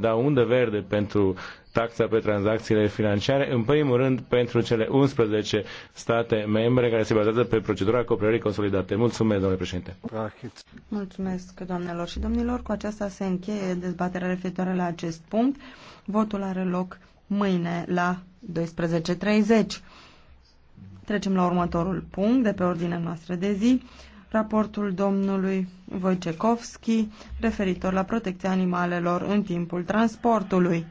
da undă verde pentru taxa pe tranzacțiile financiare, în primul rând pentru cele 11 state membre care se bazează pe procedura cooperării consolidate. Mulțumesc, domnule președinte. Mulțumesc, doamnelor și domnilor. Cu aceasta se încheie dezbaterea referitoare la acest punct. Votul are loc mâine la 12.30. Trecem la următorul punct de pe ordinea noastră de zi raportul domnului Wojciechowski referitor la protecția animalelor în timpul transportului.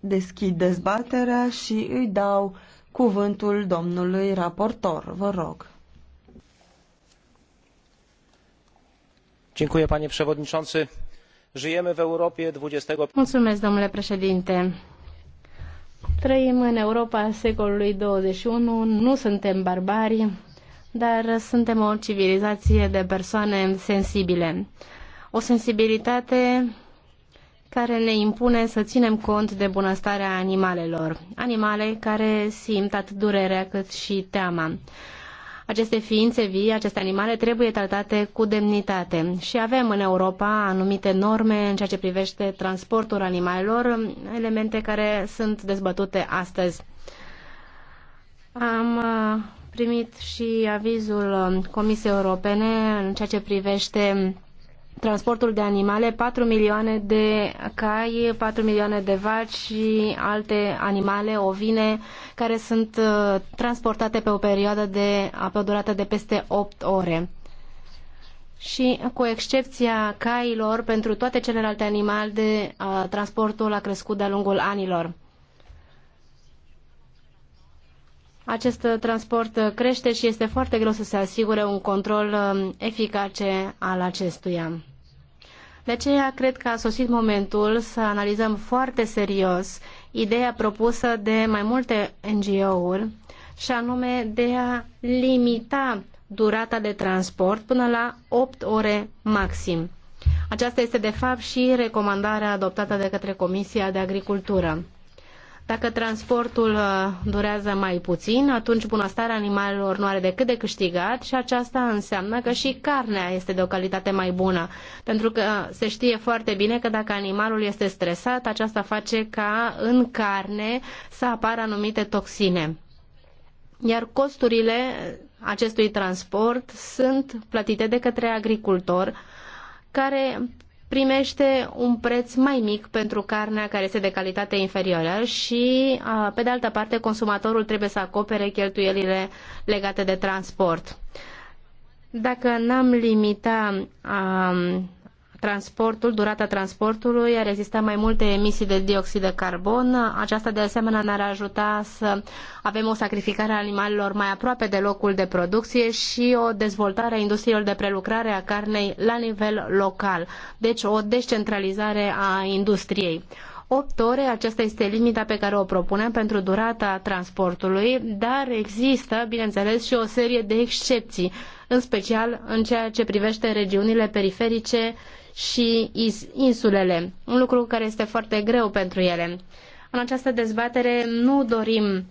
Deschid dezbaterea și îi dau cuvântul domnului raportor. Vă rog. Dziękuję, panie przewodniczący. Żyjemy w Europie 20. Mulțumesc, domnule președinte. Trăim în Europa secolului 21, nu suntem barbari, dar suntem o civilizație de persoane sensibile. O sensibilitate care ne impune să ținem cont de bunăstarea animalelor, animale care simt atât durerea cât și teama. Aceste ființe vii, aceste animale trebuie tratate cu demnitate și avem în Europa anumite norme în ceea ce privește transportul animalelor, elemente care sunt dezbătute astăzi. Am uh, primit și avizul Comisiei Europene în ceea ce privește transportul de animale, 4 milioane de cai, 4 milioane de vaci și alte animale ovine care sunt uh, transportate pe o perioadă de, pe o durată de peste 8 ore. Și cu excepția cailor, pentru toate celelalte animale, de, uh, transportul a crescut de-a lungul anilor. Acest transport crește și este foarte greu să se asigure un control um, eficace al acestuia. De aceea cred că a sosit momentul să analizăm foarte serios ideea propusă de mai multe NGO-uri și anume de a limita durata de transport până la 8 ore maxim. Aceasta este de fapt și recomandarea adoptată de către Comisia de Agricultură. Dacă transportul uh, durează mai puțin, atunci bunăstarea animalelor nu are decât de câștigat și aceasta înseamnă că și carnea este de o calitate mai bună. Pentru că uh, se știe foarte bine că dacă animalul este stresat, aceasta face ca în carne să apară anumite toxine. Iar costurile acestui transport sunt plătite de către agricultor, care primește un preț mai mic pentru carnea care este de calitate inferioară și, pe de altă parte, consumatorul trebuie să acopere cheltuielile legate de transport. Dacă n-am limita um, transportul, durata transportului, ar exista mai multe emisii de dioxid de carbon. Aceasta de asemenea ne-ar ajuta să avem o sacrificare a animalelor mai aproape de locul de producție și o dezvoltare a industriilor de prelucrare a carnei la nivel local. Deci o descentralizare a industriei. 8 ore, aceasta este limita pe care o propunem pentru durata transportului, dar există, bineînțeles, și o serie de excepții, în special în ceea ce privește regiunile periferice și insulele, un lucru care este foarte greu pentru ele. În această dezbatere nu dorim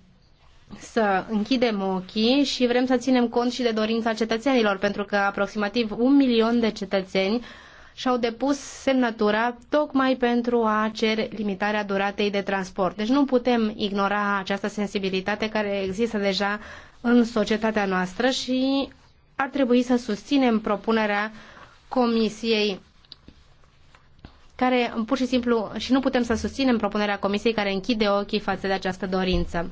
să închidem ochii și vrem să ținem cont și de dorința cetățenilor, pentru că aproximativ un milion de cetățeni și-au depus semnătura tocmai pentru a cere limitarea duratei de transport. Deci nu putem ignora această sensibilitate care există deja în societatea noastră și ar trebui să susținem propunerea Comisiei care pur și simplu și nu putem să susținem propunerea Comisiei care închide ochii față de această dorință.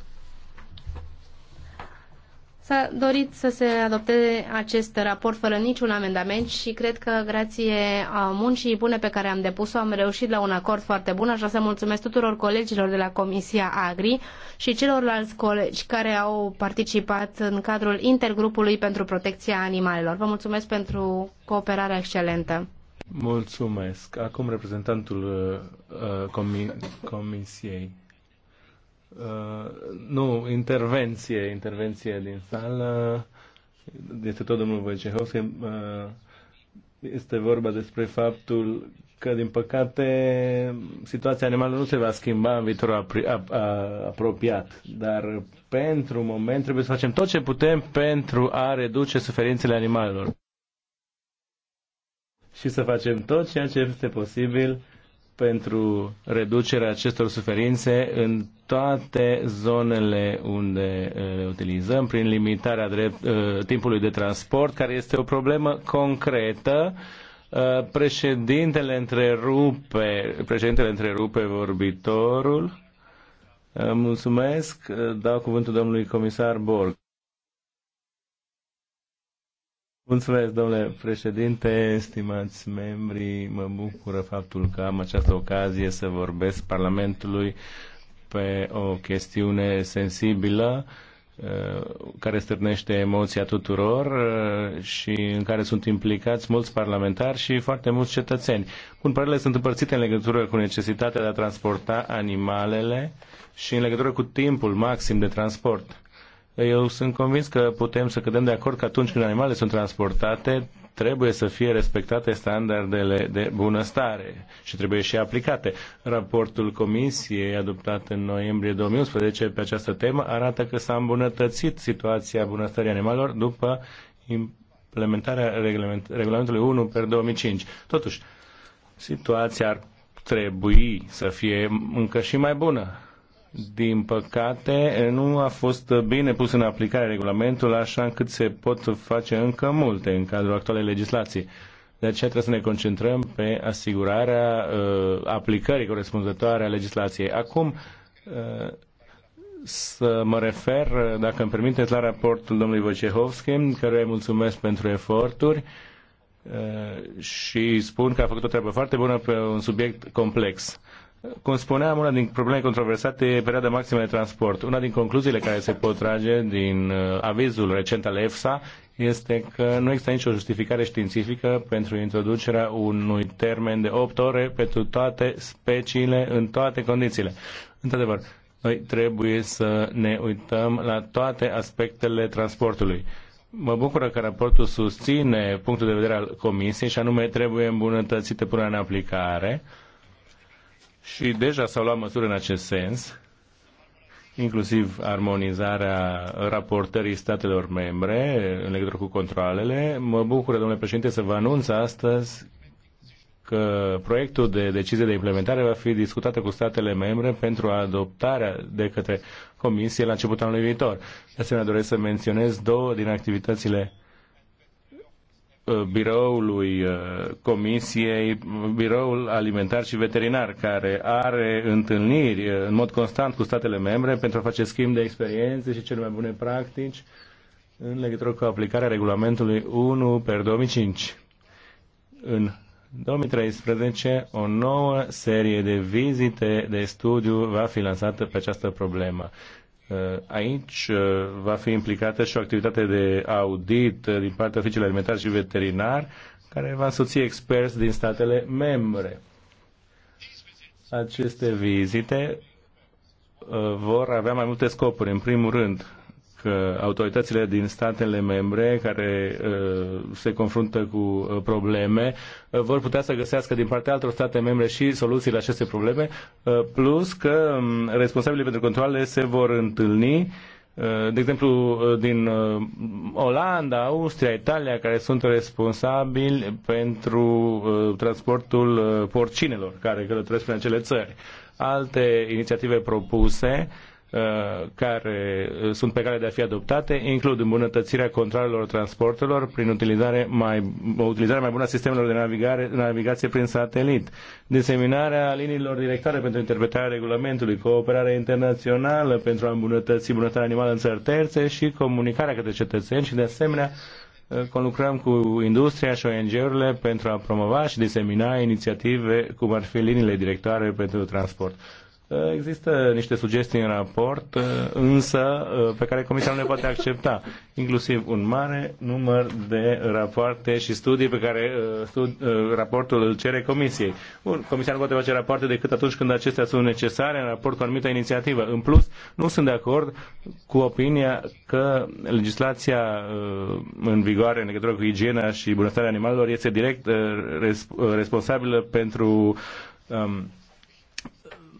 S-a dorit să se adopteze acest raport fără niciun amendament și cred că grație a muncii bune pe care am depus-o am reușit la un acord foarte bun, așa să mulțumesc tuturor colegilor de la Comisia Agri și celorlalți colegi care au participat în cadrul intergrupului pentru protecția animalelor. Vă mulțumesc pentru cooperarea excelentă. Mulțumesc. Acum reprezentantul uh, uh, comi Comisiei. Uh, nu, intervenție, intervenție din sală. Este tot domnul Wojciechowski. Uh, este vorba despre faptul că, din păcate, situația animalelor nu se va schimba în viitorul apri, ap, a, apropiat. Dar, pentru moment, trebuie să facem tot ce putem pentru a reduce suferințele animalelor și să facem tot ceea ce este posibil pentru reducerea acestor suferințe în toate zonele unde uh, le utilizăm, prin limitarea drept, uh, timpului de transport, care este o problemă concretă. Uh, președintele întrerupe, președintele întrerupe vorbitorul. Mulțumesc. Dau cuvântul domnului comisar Borg. Mulțumesc, domnule președinte, stimați membri, mă bucură faptul că am această ocazie să vorbesc Parlamentului pe o chestiune sensibilă uh, care stârnește emoția tuturor uh, și în care sunt implicați mulți parlamentari și foarte mulți cetățeni. Cumpărările sunt împărțite în legătură cu necesitatea de a transporta animalele și în legătură cu timpul maxim de transport eu sunt convins că putem să cădem de acord că atunci când animalele sunt transportate, trebuie să fie respectate standardele de bunăstare și trebuie și aplicate. Raportul Comisiei adoptat în noiembrie 2011 pe această temă arată că s-a îmbunătățit situația bunăstării animalelor după implementarea regulament, regulamentului 1 per 2005. Totuși, situația ar trebui să fie încă și mai bună din păcate, nu a fost bine pus în aplicare regulamentul, așa încât se pot face încă multe în cadrul actualei legislații. De aceea trebuie să ne concentrăm pe asigurarea uh, aplicării corespunzătoare a legislației. Acum, uh, să mă refer, uh, dacă îmi permiteți, la raportul domnului Wojciechowski, care îi mulțumesc pentru eforturi uh, și spun că a făcut o treabă foarte bună pe un subiect complex. Cum spuneam, una din problemele controversate e perioada maximă de transport. Una din concluziile care se pot trage din uh, avizul recent al EFSA este că nu există nicio justificare științifică pentru introducerea unui termen de 8 ore pentru toate speciile în toate condițiile. Într-adevăr, noi trebuie să ne uităm la toate aspectele transportului. Mă bucură că raportul susține punctul de vedere al Comisiei și anume trebuie îmbunătățită punerea în aplicare și deja s-au luat măsuri în acest sens, inclusiv armonizarea raportării statelor membre în legătură cu controlele. Mă bucur, domnule președinte, să vă anunț astăzi că proiectul de decizie de implementare va fi discutat cu statele membre pentru adoptarea de către Comisie la începutul anului viitor. De asemenea, doresc să menționez două din activitățile Uh, biroului uh, Comisiei, biroul alimentar și veterinar, care are întâlniri uh, în mod constant cu statele membre pentru a face schimb de experiențe și cele mai bune practici în legătură cu aplicarea regulamentului 1 per 2005. În 2013, o nouă serie de vizite de studiu va fi lansată pe această problemă. Uh, aici uh, va fi implicată și o activitate de audit uh, din partea oficiului alimentar și veterinar, care va însoți experți din statele membre. Aceste vizite vor avea mai multe scopuri. În primul rând, că autoritățile din statele membre care uh, se confruntă cu uh, probleme uh, vor putea să găsească din partea altor state membre și soluții la aceste probleme, plus că um, responsabilii pentru controle se vor întâlni de exemplu, din Olanda, Austria, Italia, care sunt responsabili pentru transportul porcinelor care călătoresc prin acele țări. Alte inițiative propuse Uh, care uh, sunt pe cale de a fi adoptate includ îmbunătățirea controlelor transportelor prin utilizare mai, utilizarea mai bună a sistemelor de navigare, navigație prin satelit, diseminarea liniilor directoare pentru interpretarea regulamentului, cooperarea internațională pentru a îmbunătăți bunătatea animală în țări terțe și comunicarea către cetățeni și de asemenea uh, conlucrăm cu industria și ONG-urile pentru a promova și disemina inițiative cum ar fi liniile directoare pentru transport. Există niște sugestii în raport, uh, însă uh, pe care Comisia nu le poate accepta, inclusiv un mare număr de rapoarte și studii pe care uh, studi, raportul îl cere Comisiei. Bun, Comisia nu poate face rapoarte decât atunci când acestea sunt necesare în raport cu anumită inițiativă. În plus, nu sunt de acord cu opinia că legislația în vigoare în legătură cu igiena și bunăstarea animalelor este direct responsabilă pentru um,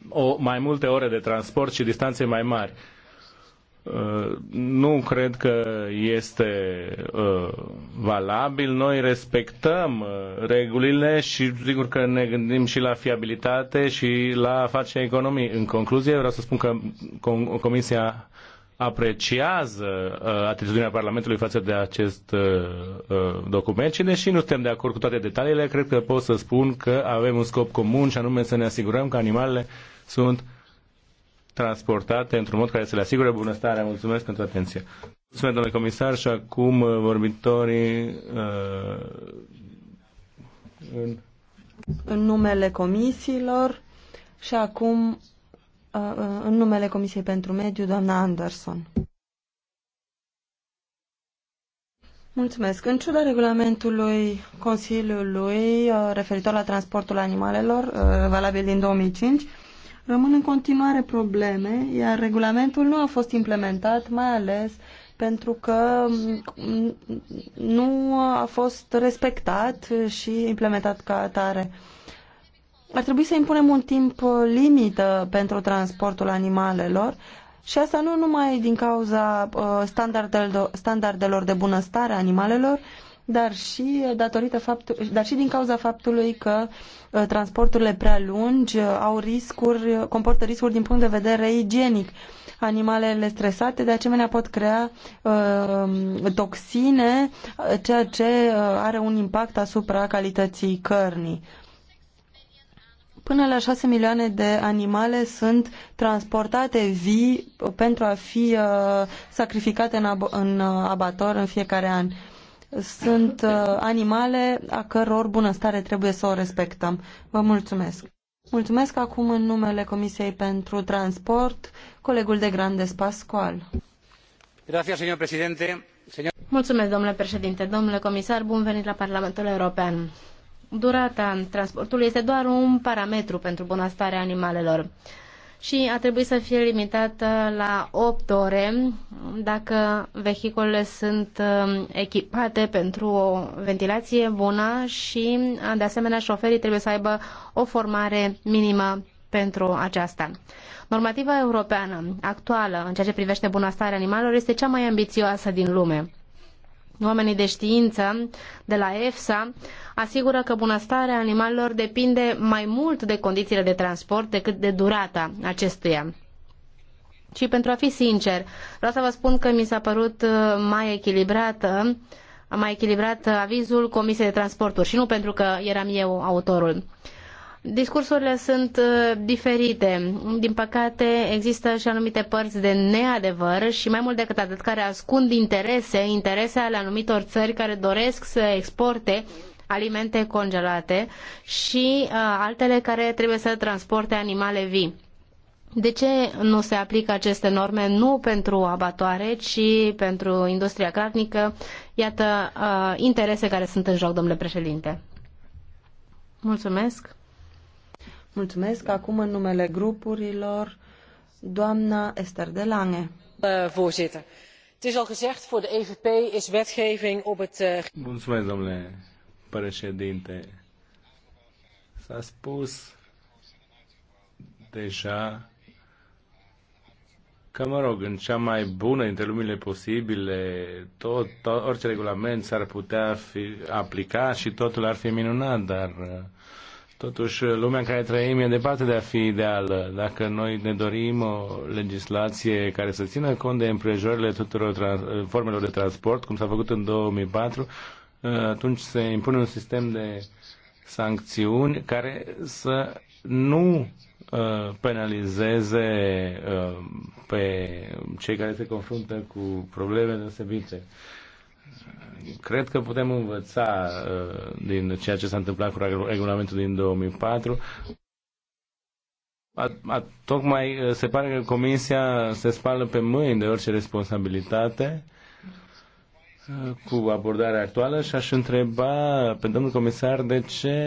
o, mai multe ore de transport și distanțe mai mari. Uh, nu cred că este uh, valabil. Noi respectăm uh, regulile și sigur că ne gândim și la fiabilitate și la a face economii. În concluzie, vreau să spun că Comisia apreciază uh, atitudinea Parlamentului față de acest uh, document și deși nu suntem de acord cu toate detaliile, cred că pot să spun că avem un scop comun și anume să ne asigurăm că animalele sunt transportate într-un mod care să le asigure bunăstarea. Mulțumesc pentru atenție. Mulțumesc, domnule comisar, și acum uh, vorbitorii uh, în... în numele comisiilor și acum uh, uh, în numele Comisiei pentru Mediu, doamna Anderson. Mulțumesc. În ciuda regulamentului Consiliului uh, referitor la transportul animalelor, valabil din 2005, Rămân în continuare probleme, iar regulamentul nu a fost implementat, mai ales pentru că nu a fost respectat și implementat ca atare. Ar trebui să impunem un timp limită pentru transportul animalelor și asta nu numai din cauza uh, standardelor de bunăstare a animalelor, dar și, datorită faptul, dar și din cauza faptului că uh, transporturile prea lungi uh, au riscuri, comportă riscuri din punct de vedere igienic. Animalele stresate, de asemenea, pot crea uh, toxine, uh, ceea ce are un impact asupra calității cărnii. Până la 6 milioane de animale sunt transportate vii pentru a fi uh, sacrificate în, ab- în abator în fiecare an. Uh, sunt uh, animale a căror bunăstare trebuie să o respectăm. Vă mulțumesc! Mulțumesc acum în numele Comisiei pentru Transport, colegul de grande Pascual. Gracias, señor presidente. Señor... Mulțumesc, domnule președinte, domnule comisar, bun venit la Parlamentul European. Durata transportului este doar un parametru pentru bunăstarea animalelor și a trebuit să fie limitată la 8 ore dacă vehiculele sunt um, echipate pentru o ventilație bună și uh, de asemenea șoferii trebuie să aibă o formare minimă pentru aceasta. Normativa europeană actuală în ceea ce privește bunăstarea animalelor este cea mai ambițioasă din lume. Oamenii de știință de la EFSA asigură că bunăstarea animalelor depinde mai mult de condițiile de transport decât de durata acestuia. Și pentru a fi sincer, vreau să vă spun că mi s-a părut uh, mai echilibrată mai echilibrat avizul Comisiei de Transporturi și nu pentru că eram eu autorul. Discursurile sunt uh, diferite. Din păcate, există și anumite părți de neadevăr și mai mult decât atât care ascund interese, interese ale anumitor țări care doresc să exporte alimente congelate și uh, altele care trebuie să transporte animale vii. De ce nu se aplică aceste norme nu pentru abatoare, ci pentru industria carnică? Iată uh, interese care sunt în joc, domnule președinte. Mulțumesc. Mulțumesc acum în numele grupurilor doamna Esther de Lange. EVP eh, wetgeving eh, Mulțumesc, domnule președinte. S-a spus deja că, mă rog, în cea mai bună dintre lumile posibile, tot, tot orice regulament s-ar putea fi aplica și totul ar fi minunat, dar uh, Totuși, lumea în care trăim e departe de a fi ideală. Dacă noi ne dorim o legislație care să țină cont de împrejurările tuturor trans- formelor de transport, cum s-a făcut în 2004, atunci se impune un sistem de sancțiuni care să nu uh, penalizeze uh, pe cei care se confruntă cu probleme deosebite cred că putem învăța uh, din ceea ce s-a întâmplat cu regulamentul din 2004. A, a, tocmai uh, se pare că Comisia se spală pe mâini de orice responsabilitate uh, cu abordarea actuală și aș întreba pe domnul comisar de ce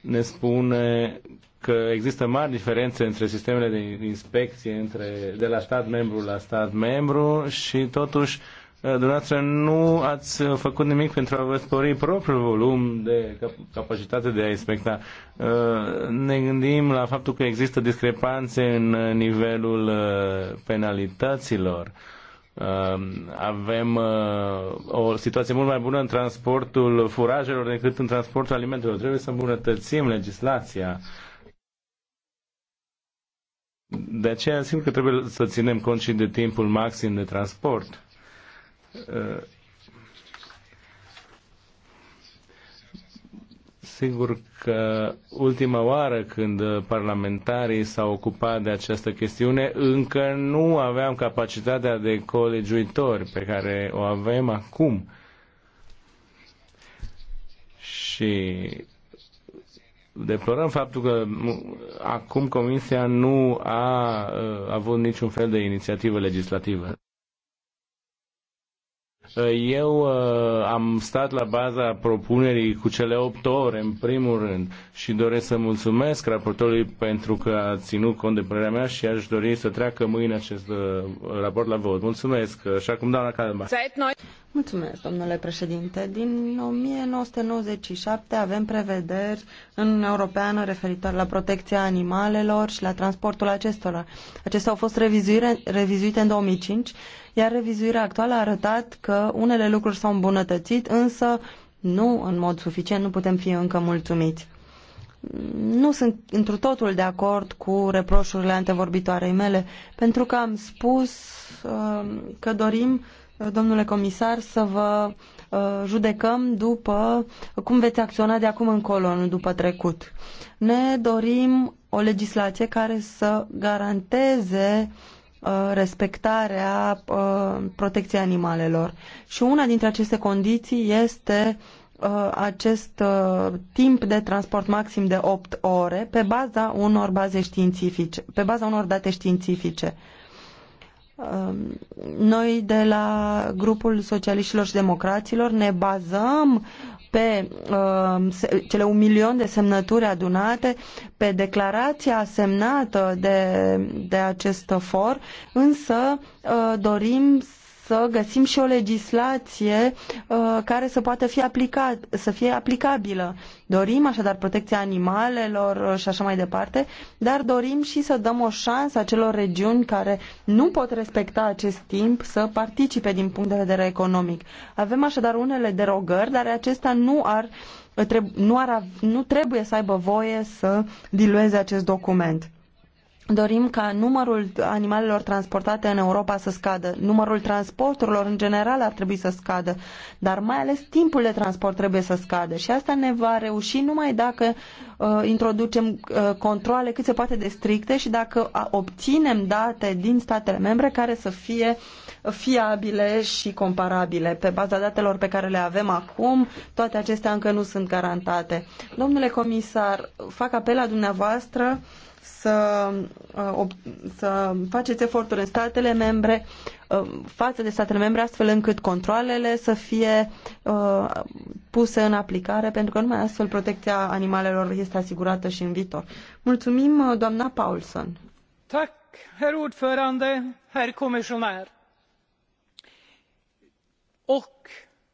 ne spune că există mari diferențe între sistemele de inspecție între, de la stat membru la stat membru și totuși Eh, dumneavoastră nu ați eh, făcut nimic pentru a vă spori propriul volum de capacitate de a inspecta. Eh, ne gândim la faptul că există discrepanțe în nivelul penalităților. Avem o situație mult mai bună în transportul furajelor decât în transportul alimentelor. Trebuie să îmbunătățim legislația. De aceea, simt că trebuie să ținem cont și de timpul maxim de transport Eh, sigur că ultima oară când parlamentarii s-au ocupat de această chestiune, încă nu aveam capacitatea de colegiuitori pe care o avem acum. Și deplorăm faptul că acum Comisia nu a eh, avut niciun fel de inițiativă legislativă. Eu uh, am stat la baza propunerii cu cele 8 ore, în primul rând, și doresc să mulțumesc raportorului pentru că a ținut cont de părerea mea și aș dori să treacă mâine acest uh, raport la vot. Mulțumesc și acum doamna Calma. Mulțumesc, domnule președinte. Din 1997 avem prevederi în Uniunea Europeană referitoare la protecția animalelor și la transportul acestora. Acestea au fost revizuite în 2005 iar revizuirea actuală a arătat că unele lucruri s-au îmbunătățit, însă nu în mod suficient, nu putem fi încă mulțumiți. Nu sunt întru totul de acord cu reproșurile antevorbitoarei mele, pentru că am spus uh, că dorim, uh, domnule comisar, să vă uh, judecăm după cum veți acționa de acum încolo, nu după trecut. Ne dorim o legislație care să garanteze Uh, respectarea uh, protecției animalelor. Și una dintre aceste condiții este uh, acest timp de transport maxim de 8 ore pe baza unor baze științifice, pe baza unor date științifice. Um, noi de la grupul socialiștilor și democraților ne bazăm pe uh, cele un milion de semnături adunate, pe declarația semnată de, de acest for, însă uh, dorim să găsim și o legislație uh, care să poată fi aplicat, să fie aplicabilă. Dorim așadar protecția animalelor uh, și așa mai departe, dar dorim și să dăm o șansă acelor regiuni care nu pot respecta acest timp să participe din punct de vedere economic. Avem așadar unele derogări, dar acestea nu ar uh, nu, ar, nu trebuie să aibă voie să dilueze acest document dorim ca numărul animalelor transportate în Europa să scadă, numărul transporturilor în general ar trebui să scadă, dar mai ales timpul de transport trebuie să scadă și asta ne va reuși numai dacă uh, introducem uh, controle cât se poate de stricte și dacă obținem date din statele membre care să fie fiabile și comparabile. Pe baza datelor pe care le avem acum, toate acestea încă nu sunt garantate. Domnule comisar, fac apel la dumneavoastră uh, să, uh, să faceți eforturi în statele membre uh, față de statele membre astfel încât controlele să fie uh, puse în aplicare pentru că numai astfel protecția animalelor este asigurată și în viitor. Mulțumim, doamna Paulson. Tak, herr ordförande, herr kommissionär. Och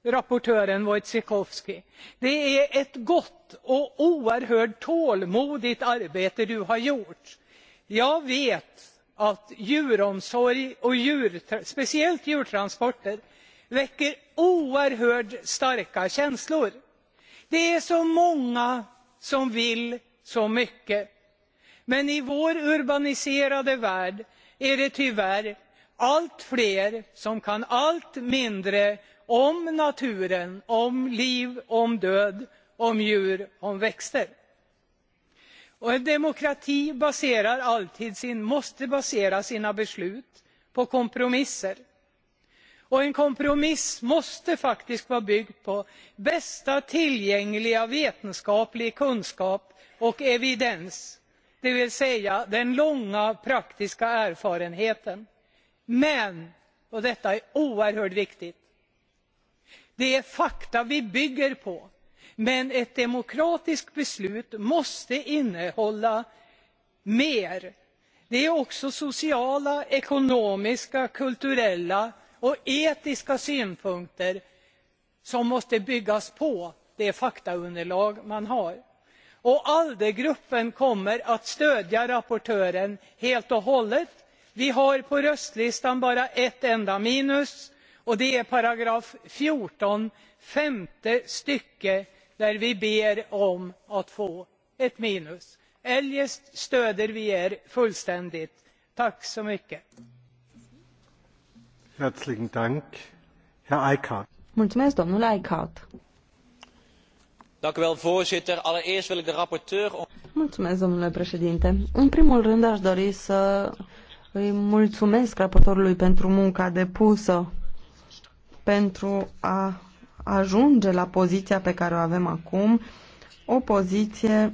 rapportören Wojciechowski. Det är ett gott och oerhört tålmodigt arbete du har gjort. Jag vet att djuromsorg och speciellt djurtransporter väcker oerhört starka känslor. Det är så många som vill så mycket. Men i vår urbaniserade värld är det tyvärr allt fler som kan allt mindre om naturen, om liv och om död om djur och om växter. en demokrati måste basera sina beslut på kompromisser och en kompromiss måste faktiskt vara byggd på bästa tillgängliga vetenskapliga kunskap och evidens Det vill säga den långa praktiska erfarenheten. men och detta är oerhört viktigt det är fakta vi bygger på men ett demokratiskt beslut måste innehålla mer. det är också sociala ekonomiska kulturella och etiska synpunkter som måste byggas på det faktaunderlag man har. alde-gruppen kommer att stödja rapportören helt och hållet. vi har på röstlistan bara ett enda minus och det är paragraf fjorton femte stycket där vi ber om att få ett minus. eljest stöder vi er fullständigt. tack så mycket! voorzitter allereerst wil ik domnule președinte în primul rând aș dori să îi mulțumesc raportorului pentru munca depusă pentru a ajunge la poziția pe care o avem acum, o poziție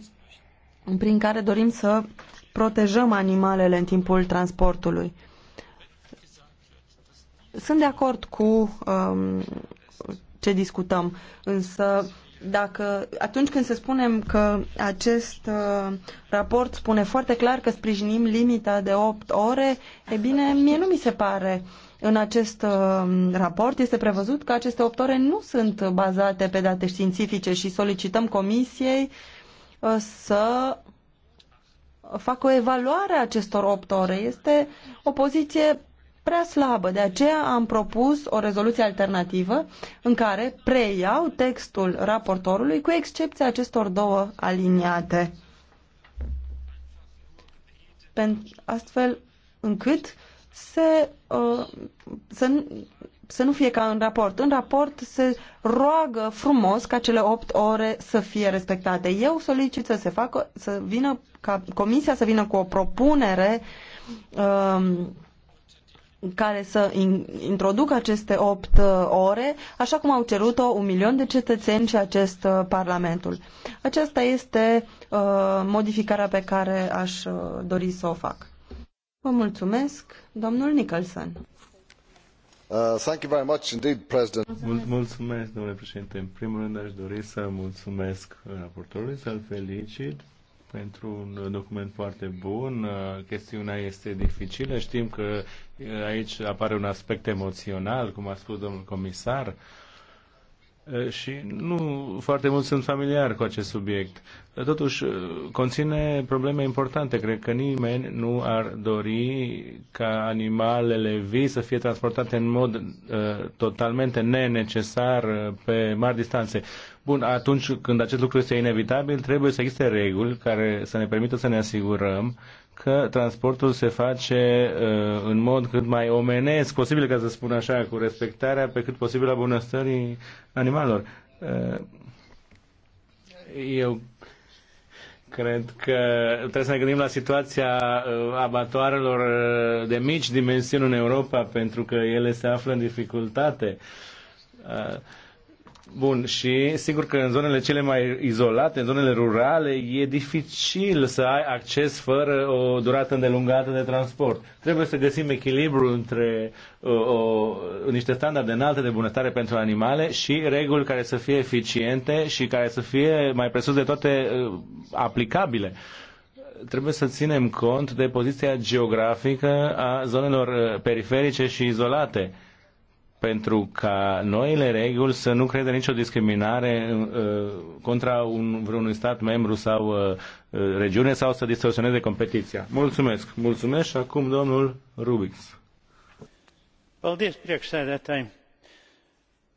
prin care dorim să protejăm animalele în timpul transportului. Sunt de acord cu um, ce discutăm, însă dacă atunci când se spunem că acest uh, raport spune foarte clar că sprijinim limita de 8 ore, e bine, mie nu mi se pare uh, în acest uh, raport este prevăzut că aceste opt ore nu sunt bazate pe date științifice și solicităm comisiei uh, să facă o evaluare a acestor opt ore. Este o poziție prea slabă. De aceea am propus o rezoluție alternativă în care preiau textul raportorului cu excepția acestor două aliniate. Astfel încât se, uh, să, să nu fie ca în raport. În raport se roagă frumos ca cele 8 ore să fie respectate. Eu solicit să se facă, să vină, ca comisia să vină cu o propunere um, care să in, introducă aceste 8 uh, ore, așa cum au cerut-o un milion de cetățeni și acest uh, parlamentul. Aceasta este uh, modificarea pe care aș uh, dori să o fac. Vă mulțumesc, domnul Nicholson. Uh, thank you very much indeed, President. Mulțumesc. mulțumesc, domnule președinte. În primul rând aș dori să mulțumesc raportorului, să-l felicit pentru un document foarte bun. Uh, chestiunea este dificilă. Știm că uh, aici apare un aspect emoțional, cum a spus domnul comisar. Uh, și nu foarte mult sunt familiar cu acest subiect. Totuși, conține probleme importante. Cred că nimeni nu ar dori ca animalele vii să fie transportate în mod uh, totalmente nenecesar pe mari distanțe. Bun, atunci când acest lucru este inevitabil, trebuie să existe reguli care să ne permită să ne asigurăm că transportul se face uh, în mod cât mai omenesc, posibil ca să spun așa, cu respectarea pe cât posibil a bunăstării animalelor. Uh, eu cred că trebuie să ne gândim la situația uh, abatoarelor uh, de mici dimensiuni în Europa, pentru că ele se află în dificultate. Uh, Bun, și sigur că în zonele cele mai izolate, în zonele rurale, e dificil să ai acces fără o durată îndelungată de transport. Trebuie să găsim echilibru între o, o, niște standarde înalte de bunăstare pentru animale și reguli care să fie eficiente și care să fie mai presus de toate aplicabile trebuie să ținem cont de poziția geografică a zonelor periferice și izolate pentru ca noile reguli să nu crede nicio discriminare uh, contra un, vreunui stat membru sau uh, uh, regiune sau să distorsioneze competiția. Mulțumesc! Mulțumesc și acum domnul Rubix. Paldies, priekšsēdētāji.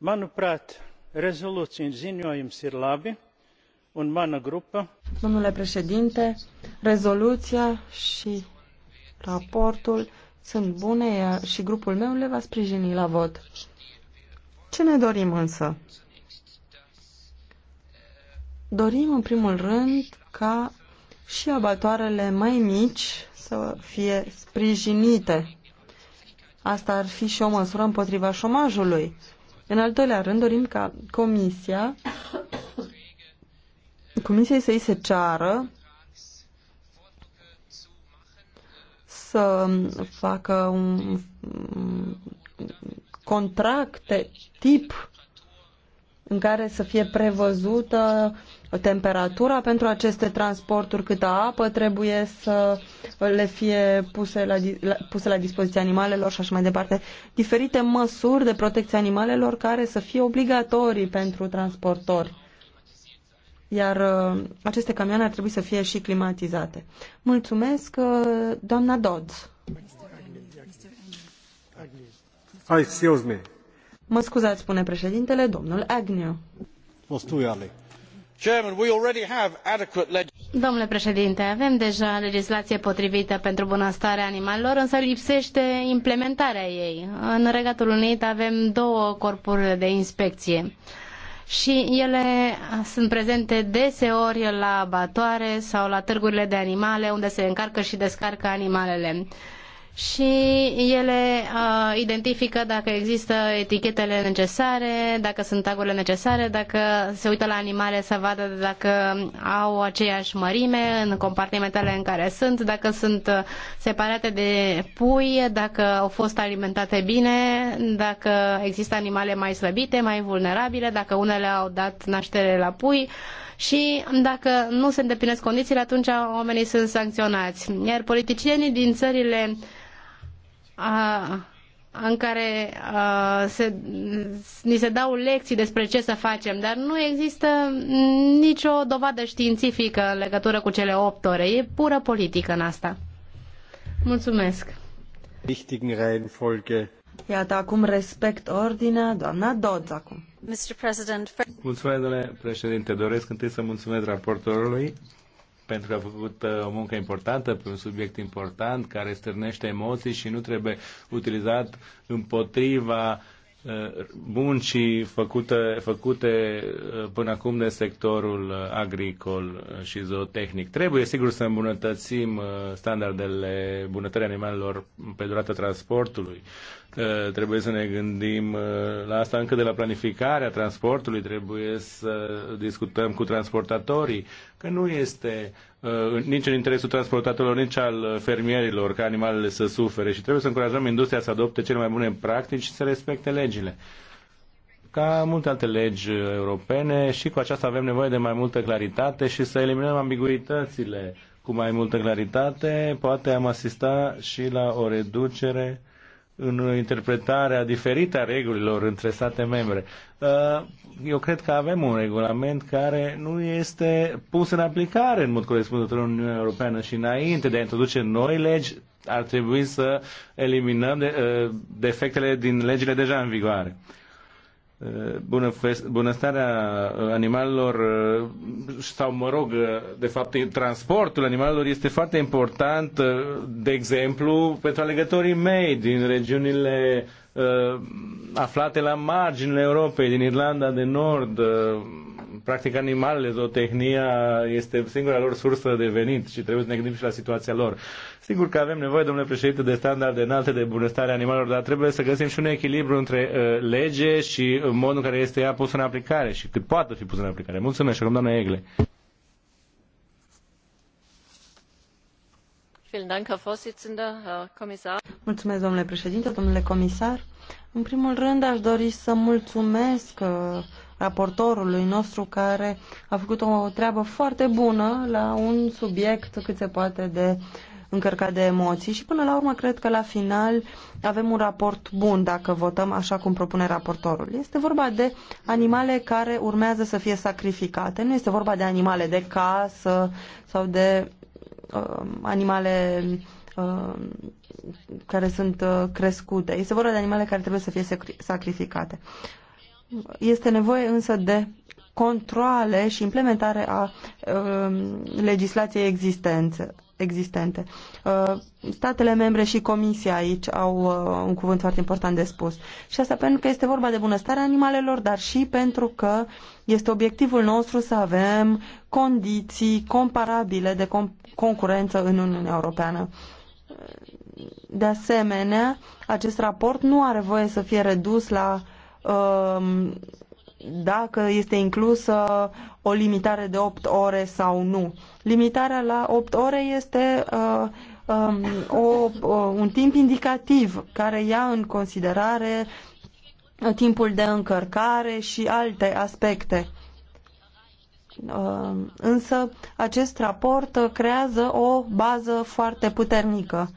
Manuprāt, rezolūcija un ziņojums ir labi, un mana grupa... Domnule președinte, rezoluția și raportul sunt bune și grupul meu le va sprijini la vot. Ce ne dorim însă? Dorim în primul rând ca și abatoarele mai mici să fie sprijinite. Asta ar fi și o măsură împotriva șomajului. În al doilea rând, dorim ca comisia Comisiei să îi se ceară să facă un contracte tip în care să fie prevăzută temperatura pentru aceste transporturi, câtă apă trebuie să le fie puse la, la, puse la dispoziția animalelor și așa mai departe. Diferite măsuri de protecție animalelor care să fie obligatorii pentru transportori iar uh, aceste camioane ar trebui să fie și climatizate. Mulțumesc, uh, doamna Dodds. Hai, excuse me. Mă scuzați, spune președintele, domnul Agnew. Domnule președinte, avem deja legislație potrivită pentru bunăstarea animalelor, însă lipsește implementarea ei. În Regatul Unit avem două corpuri de inspecție. Uh, și ele sunt prezente deseori la abatoare sau la târgurile de animale unde se încarcă și descarcă animalele și ele uh, identifică dacă există etichetele necesare, dacă sunt tagurile necesare, dacă se uită la animale să vadă dacă au aceeași mărime în compartimentele în care sunt, dacă sunt uh, separate de pui, dacă au fost alimentate bine, dacă există animale mai slăbite, mai vulnerabile, dacă unele au dat naștere la pui și dacă nu se îndeplinesc condițiile, atunci oamenii sunt sancționați. Iar politicienii din țările a, în care uh, se, ni se dau lecții despre ce să facem, dar nu există nicio dovadă științifică în legătură cu cele opt ore. E pură politică în asta. Mulțumesc. Iată, acum respect ordinea, doamna Dodds acum. Mr. President, Mulțumesc, domnule președinte. Doresc întâi să mulțumesc raportorului pentru că a făcut uh, o muncă importantă pe un subiect important care stârnește emoții și nu trebuie utilizat împotriva uh, muncii făcute, făcute uh, până acum de sectorul agricol și zootehnic. Trebuie, sigur, să îmbunătățim standardele bunătării animalelor pe durata transportului, Eh, trebuie să ne gândim eh, la asta încă de la planificarea transportului, trebuie să discutăm cu transportatorii, că nu este eh, nici în interesul transportatorilor, nici al fermierilor ca animalele să sufere și trebuie să încurajăm industria să adopte cele mai bune practici și să respecte legile. Ca multe alte legi europene și cu aceasta avem nevoie de mai multă claritate și să eliminăm ambiguitățile. Cu mai multă claritate poate am asista și la o reducere în interpretarea diferită a regulilor între state membre. Uh, eu cred că avem un regulament care nu este pus în aplicare în mod corespunzător în Uniunea Europeană și înainte de a introduce noi legi, ar trebui să eliminăm uh, defectele din legile deja în vigoare bunăstarea uh, animalelor uh, sau, mă rog, uh, de fapt, transportul animalelor este foarte important, de exemplu, pentru alegătorii mei din regiunile aflate la marginile Europei, din Irlanda de Nord, practic animalele, zootehnia este singura lor sursă de venit și trebuie să ne gândim și la situația lor. Sigur că avem nevoie, domnule președinte, de standarde înalte de bunăstare animalelor, dar trebuie să găsim și un echilibru între uh, lege și uh, modul în care este ea pusă în aplicare și cât poate fi pusă în aplicare. Mulțumesc și acum, doamna Egle. Mulțumesc, domnule președinte, domnule comisar. În primul rând, aș dori să mulțumesc uh, raportorului nostru care a făcut o treabă foarte bună la un subiect cât se poate de încărcat de emoții și până la urmă cred că la final avem un raport bun dacă votăm așa cum propune raportorul. Este vorba de animale care urmează să fie sacrificate, nu este vorba de animale de casă sau de uh, animale uh, care sunt uh, crescute. Este vorba de animale care trebuie să fie sacrificate. Este nevoie însă de controle și implementare a um, legislației existențe, existente. Uh, statele membre și Comisia aici au uh, un cuvânt foarte important de spus. Și asta pentru că este vorba de bunăstarea animalelor, dar și pentru că este obiectivul nostru să avem condiții comparabile de com- concurență în Uniunea Europeană. De asemenea, acest raport nu are voie să fie redus la uh, Um, dacă este inclusă o limitare de 8 ore sau nu. Limitarea la 8 ore este uh, um, o, uh, un timp indicativ care ia în considerare timpul de încărcare și alte aspecte. Um, însă acest raport creează o bază foarte puternică.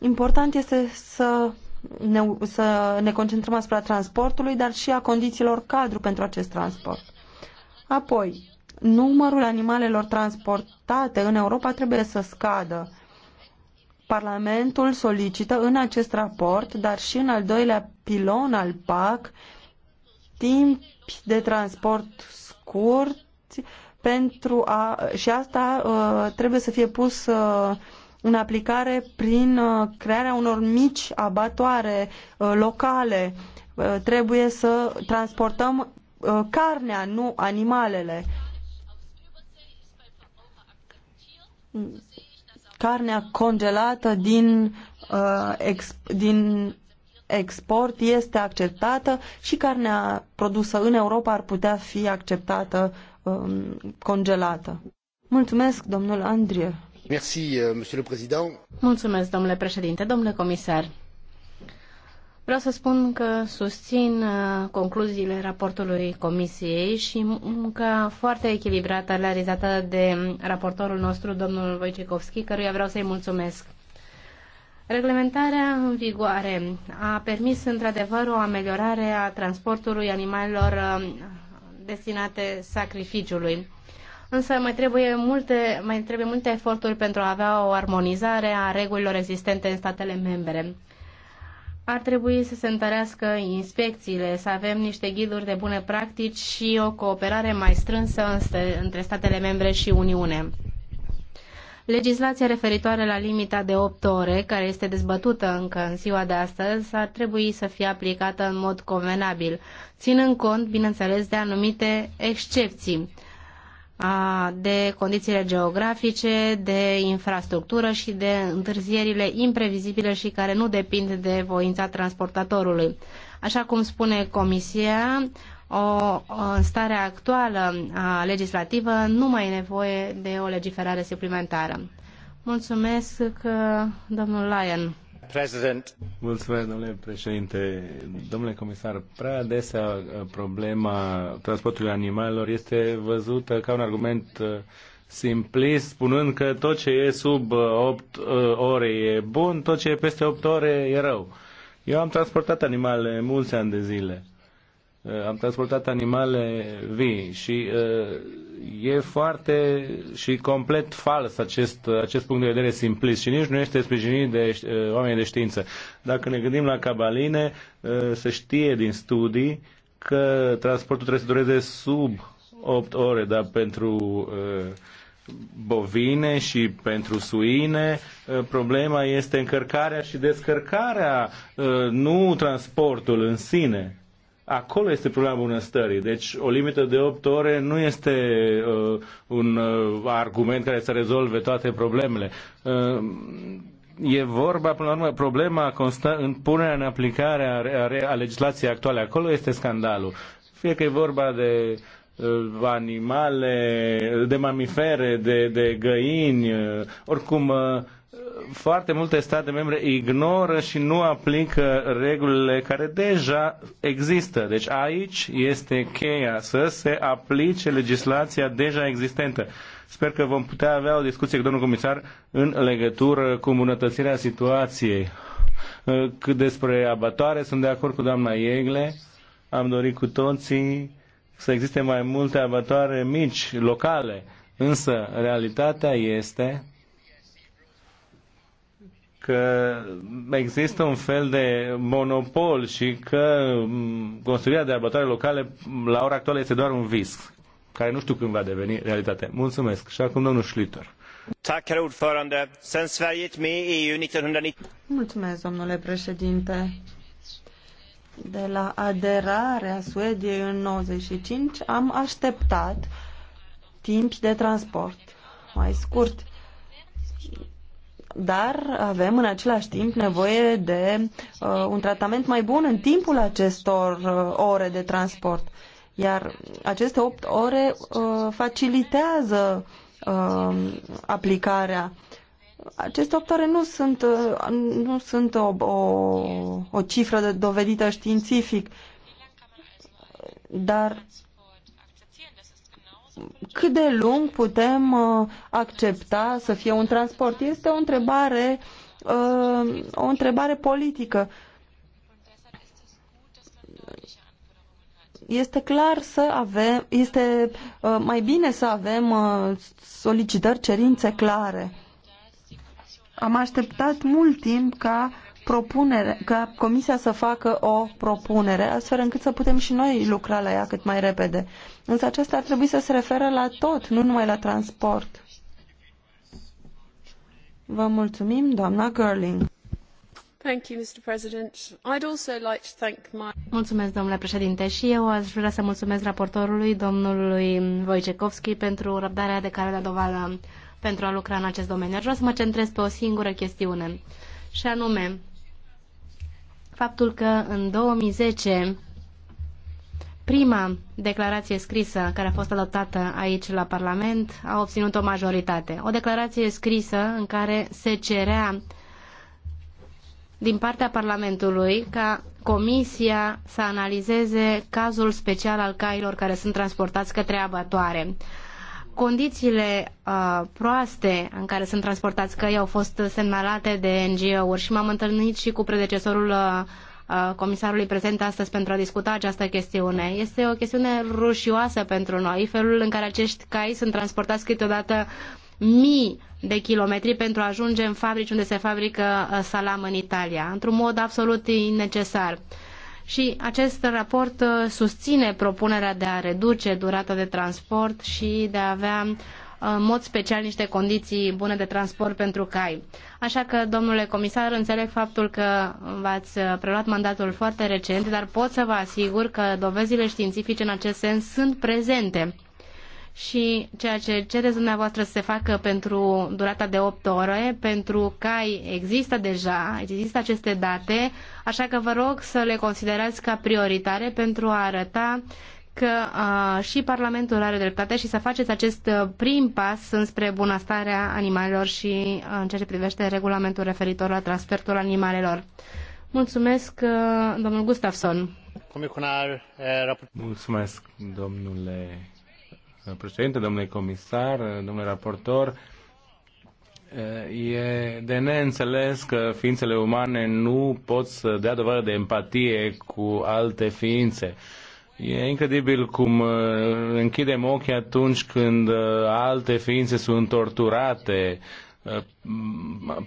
Important este să ne, să ne concentrăm asupra transportului, dar și a condițiilor cadru pentru acest transport. Apoi, numărul animalelor transportate în Europa trebuie să scadă. Parlamentul solicită în acest raport, dar și în al doilea pilon al PAC, timp de transport scurt pentru a, și asta uh, trebuie să fie pus uh, în aplicare prin uh, crearea unor mici abatoare uh, locale. Uh, trebuie să transportăm carnea, nu animalele. Carnea congelată din, din export este acceptată și carnea produsă în Europa ar putea fi acceptată um, congelată. Mulțumesc, domnul Andrie. Euh, mulțumesc, domnule președinte, domnule comisar. Vreau să spun că susțin uh, concluziile raportului Comisiei și munca foarte echilibrată realizată de raportorul nostru, domnul Wojciechowski, căruia vreau să-i mulțumesc. Reglementarea în vigoare a permis într-adevăr o ameliorare a transportului animalelor uh, destinate sacrificiului. Însă mai trebuie, multe, mai trebuie multe eforturi pentru a avea o armonizare a regulilor existente în statele membre. Ar trebui să se întărească inspecțiile, să avem niște ghiduri de bune practici și o cooperare mai strânsă între statele membre și Uniune. Legislația referitoare la limita de 8 ore, care este dezbătută încă în ziua de astăzi, ar trebui să fie aplicată în mod convenabil, ținând cont, bineînțeles, de anumite excepții de condițiile geografice, de infrastructură și de întârzierile imprevizibile și care nu depind de voința transportatorului. Așa cum spune Comisia, o, stare actuală a legislativă nu mai e nevoie de o legiferare suplimentară. Mulțumesc, domnul Lyon. Mulțumesc, domnule președinte. Domnule comisar, prea adesea uh, problema transportului animalelor este văzută ca un argument uh, simplist, spunând că tot ce e sub 8 uh, ore e bun, tot ce e peste 8 ore e rău. Eu am transportat animale mulți ani de zile. Am transportat animale vii și e foarte și complet fals acest, acest punct de vedere simplist și nici nu este sprijinit de uh, eh, oameni de știință. Dacă ne gândim la cabaline, uh, se știe din studii că transportul trebuie să dureze sub 8 ore, dar pentru uh, bovine și pentru suine, problema este încărcarea și descărcarea, nu transportul în sine. Acolo este problema bunăstării. Deci o limită de 8 ore nu este uh, un uh, argument care să rezolve toate problemele. Uh, e vorba, până la urmă, problema constă în punerea în aplicare a, a, a legislației actuale. Acolo este scandalul. Fie că e vorba de uh, animale, de mamifere, de, de găini, uh, oricum uh, foarte multe state membre ignoră și nu aplică regulile care deja există. Deci aici este cheia să se aplice legislația deja existentă. Sper că vom putea avea o discuție cu domnul comisar în legătură cu îmbunătățirea situației. Cât despre abatoare, sunt de acord cu doamna Iegle. Am dorit cu toții să existe mai multe abatoare mici, locale. Însă, realitatea este că există un fel de monopol și că construirea de abatoare locale la ora actuală este doar un vis, care nu știu când va deveni realitate. Mulțumesc. Și acum domnul Schlitter. Mulțumesc, domnule președinte. De la aderarea Suediei în 95 am așteptat timp de transport mai scurt dar avem în același timp nevoie de uh, un tratament mai bun în timpul acestor uh, ore de transport. Iar aceste 8 ore uh, facilitează uh, aplicarea. Aceste 8 ore nu sunt, uh, nu sunt o, o, o cifră dovedită științific, dar cât de lung putem uh, accepta să fie un transport? Este o întrebare, uh, o întrebare politică. Este clar să avem, este uh, mai bine să avem solicitări, cerințe clare. Am așteptat mult timp ca uh, propunere, ca Comisia să facă o propunere, astfel încât să putem și noi lucra la ea cât mai repede. Însă aceasta ar trebui să se referă la tot, nu numai la transport. Vă mulțumim, doamna Gerling. Thank you, Mr. President. I'd also like to thank my... Mulțumesc, domnule președinte, și eu aș vrea să mulțumesc raportorului, domnului Wojciechowski, pentru răbdarea de care a dovadă pentru a lucra în acest domeniu. Aș vrea să mă centrez pe o singură chestiune, și anume faptul că în 2010 prima declarație scrisă care a fost adoptată aici la Parlament a obținut o majoritate. O declarație scrisă în care se cerea din partea Parlamentului ca Comisia să analizeze cazul special al cailor care sunt transportați către abatoare condițiile uh, proaste în care sunt transportați căi au fost semnalate de NGO-uri și m-am întâlnit și cu predecesorul uh, uh, comisarului prezent astăzi pentru a discuta această chestiune. Este o chestiune rușioasă pentru noi, felul în care acești cai sunt transportați câteodată mii de kilometri pentru a ajunge în fabrici unde se fabrică uh, salam în Italia, într-un mod absolut inecesar. Uh, și acest raport uh, susține propunerea de a reduce durata de transport și de a avea uh, în mod special niște condiții bune de transport pentru cai. Așa că, domnule comisar, înțeleg faptul că v-ați uh, preluat mandatul foarte recent, dar pot să vă asigur că dovezile științifice în acest sens sunt prezente și ceea ce cereți dumneavoastră să se facă pentru durata de 8 ore, pentru cai există deja, există aceste date, așa că vă rog să le considerați ca prioritare pentru a arăta că uh, și Parlamentul are dreptate și să faceți acest prim pas înspre bunăstarea animalelor și uh, în ceea ce privește regulamentul referitor la transportul animalelor. Mulțumesc, uh, domnul Gustafson. Mulțumesc, domnule președinte, domnule comisar, domnule raportor. E de neînțeles că ființele umane nu pot să dea dovadă de empatie cu alte ființe. E incredibil cum uh, închidem ochii atunci când uh, alte ființe sunt torturate, uh,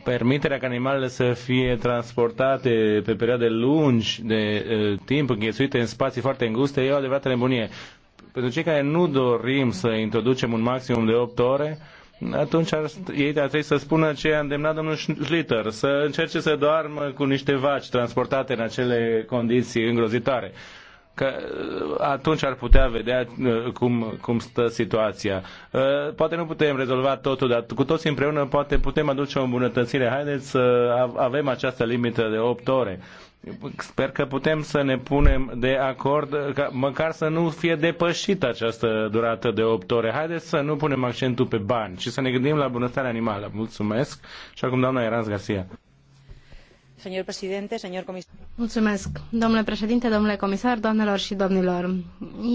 permiterea ca animalele să fie transportate pe perioade lungi de timp, înghesuite în spații foarte înguste, e o adevărată nebunie pentru cei care nu dorim să introducem un maximum de 8 ore, atunci ar, ei ar trebui să spună ce a îndemnat domnul Schlitter, să încerce să doarmă cu niște vaci transportate în acele condiții îngrozitoare. Că uh, atunci ar putea vedea uh, cum, cum stă situația. Uh, poate nu putem rezolva totul, dar cu toți împreună poate putem aduce o îmbunătățire. Haideți să avem această limită de 8 ore. Sper că putem să ne punem de acord, ca măcar să nu fie depășită această durată de 8 ore. Haideți să nu punem accentul pe bani, ci să ne gândim la bunăstarea animală. Mulțumesc. Și acum doamna Eranz Garcia. Mulțumesc. Domnule președinte, domnule comisar, doamnelor și domnilor,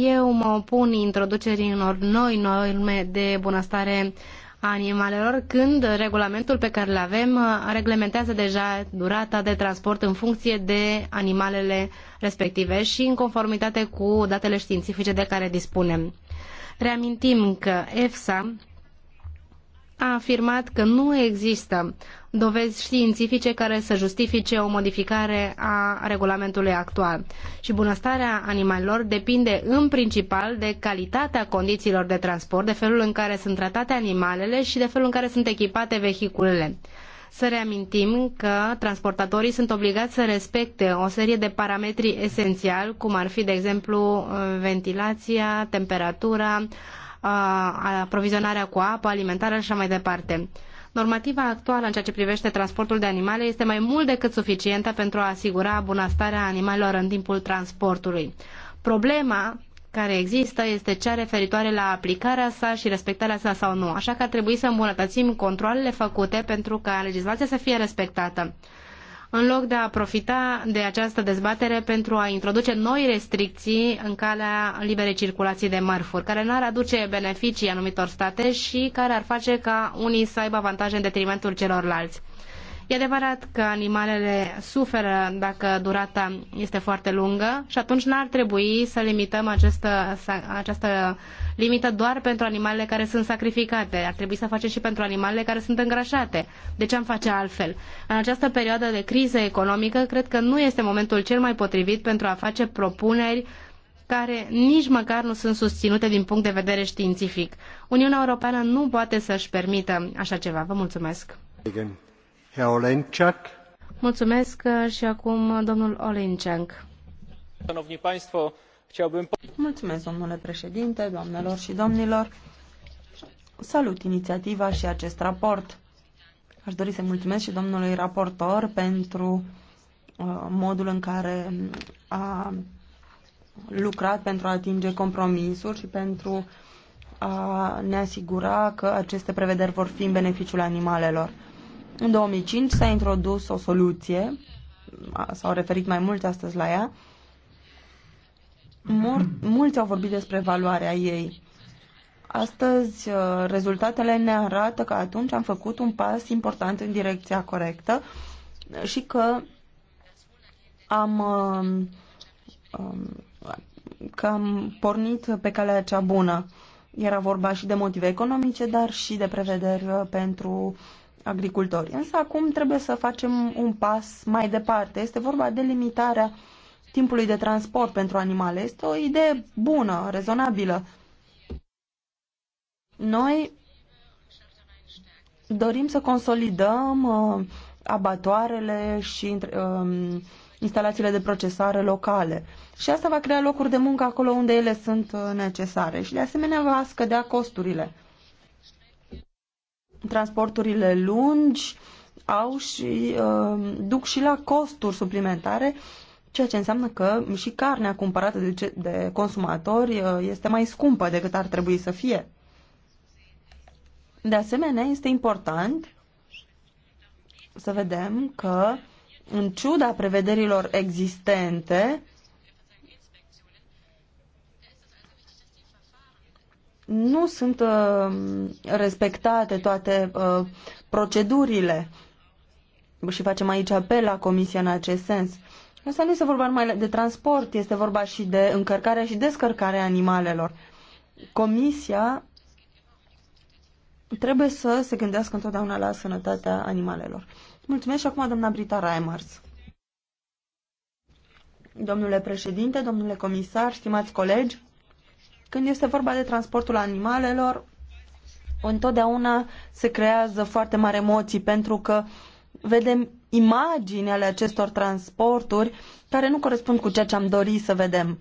eu mă opun introducerii unor noi norme de bunăstare a animalelor, când regulamentul pe care îl avem uh, reglementează deja durata de transport în funcție de animalele respective și în conformitate cu datele științifice de care dispunem. Reamintim că EFSA a afirmat că nu există dovezi științifice care să justifice o modificare a regulamentului actual și bunăstarea animalelor depinde în principal de calitatea condițiilor de transport, de felul în care sunt tratate animalele și de felul în care sunt echipate vehiculele. Să reamintim că transportatorii sunt obligați să respecte o serie de parametri esențiali, cum ar fi, de exemplu, ventilația, temperatura, aprovizionarea cu apă, alimentarea și așa mai departe. Normativa actuală în ceea ce privește transportul de animale este mai mult decât suficientă pentru a asigura bunăstarea animalelor în timpul transportului. Problema care există este cea referitoare la aplicarea sa și respectarea sa sau nu, așa că ar trebui să îmbunătățim controlele făcute pentru ca legislația să fie respectată în loc de a profita de această dezbatere pentru a introduce noi restricții în calea liberei circulații de mărfuri, care n-ar aduce beneficii anumitor state și care ar face ca unii să aibă avantaje în detrimentul celorlalți. E adevărat că animalele suferă dacă durata este foarte lungă și atunci n-ar trebui să limităm această, această limită doar pentru animalele care sunt sacrificate. Ar trebui să facem și pentru animalele care sunt îngrașate. De ce am face altfel? În această perioadă de criză economică, cred că nu este momentul cel mai potrivit pentru a face propuneri care nici măcar nu sunt susținute din punct de vedere științific. Uniunea Europeană nu poate să-și permită așa ceva. Vă mulțumesc! Again. Mulțumesc uh, și acum uh, domnul Olenciak. Mulțumesc, domnule președinte, doamnelor și domnilor. Salut inițiativa și acest raport. Aș dori să mulțumesc și domnului raportor pentru uh, modul în care a lucrat pentru a atinge compromisuri și pentru a ne asigura că aceste prevederi vor fi în beneficiul animalelor. În 2005 s-a introdus o soluție, s-au referit mai mulți astăzi la ea. Mor, mulți au vorbit despre valoarea ei. Astăzi, uh, rezultatele ne arată că atunci am făcut un pas important în direcția corectă și că am, uh, um, că am pornit pe calea cea bună. Era vorba și de motive economice, dar și de prevederi uh, pentru agricultori. Însă acum trebuie să facem un pas mai departe. Este vorba de limitarea timpului de transport pentru animale. Este o idee bună, rezonabilă. Noi dorim să consolidăm uh, abatoarele și uh, instalațiile de procesare locale. Și asta va crea locuri de muncă acolo unde ele sunt uh, necesare și de asemenea va scădea costurile transporturile lungi au și uh, duc și la costuri suplimentare, ceea ce înseamnă că și carnea cumpărată de, ce, de consumatori uh, este mai scumpă decât ar trebui să fie. De asemenea, este important să vedem că, în ciuda prevederilor existente, nu sunt uh, respectate toate uh, procedurile și facem aici apel la Comisia în acest sens. Asta nu este vorba numai de transport, este vorba și de încărcarea și descărcarea animalelor. Comisia trebuie să se gândească întotdeauna la sănătatea animalelor. Mulțumesc și acum doamna Brita Reimers. Domnule președinte, domnule comisar, stimați colegi, când este vorba de transportul animalelor, întotdeauna se creează foarte mari emoții pentru că vedem imagini ale acestor transporturi care nu corespund cu ceea ce am dorit să vedem.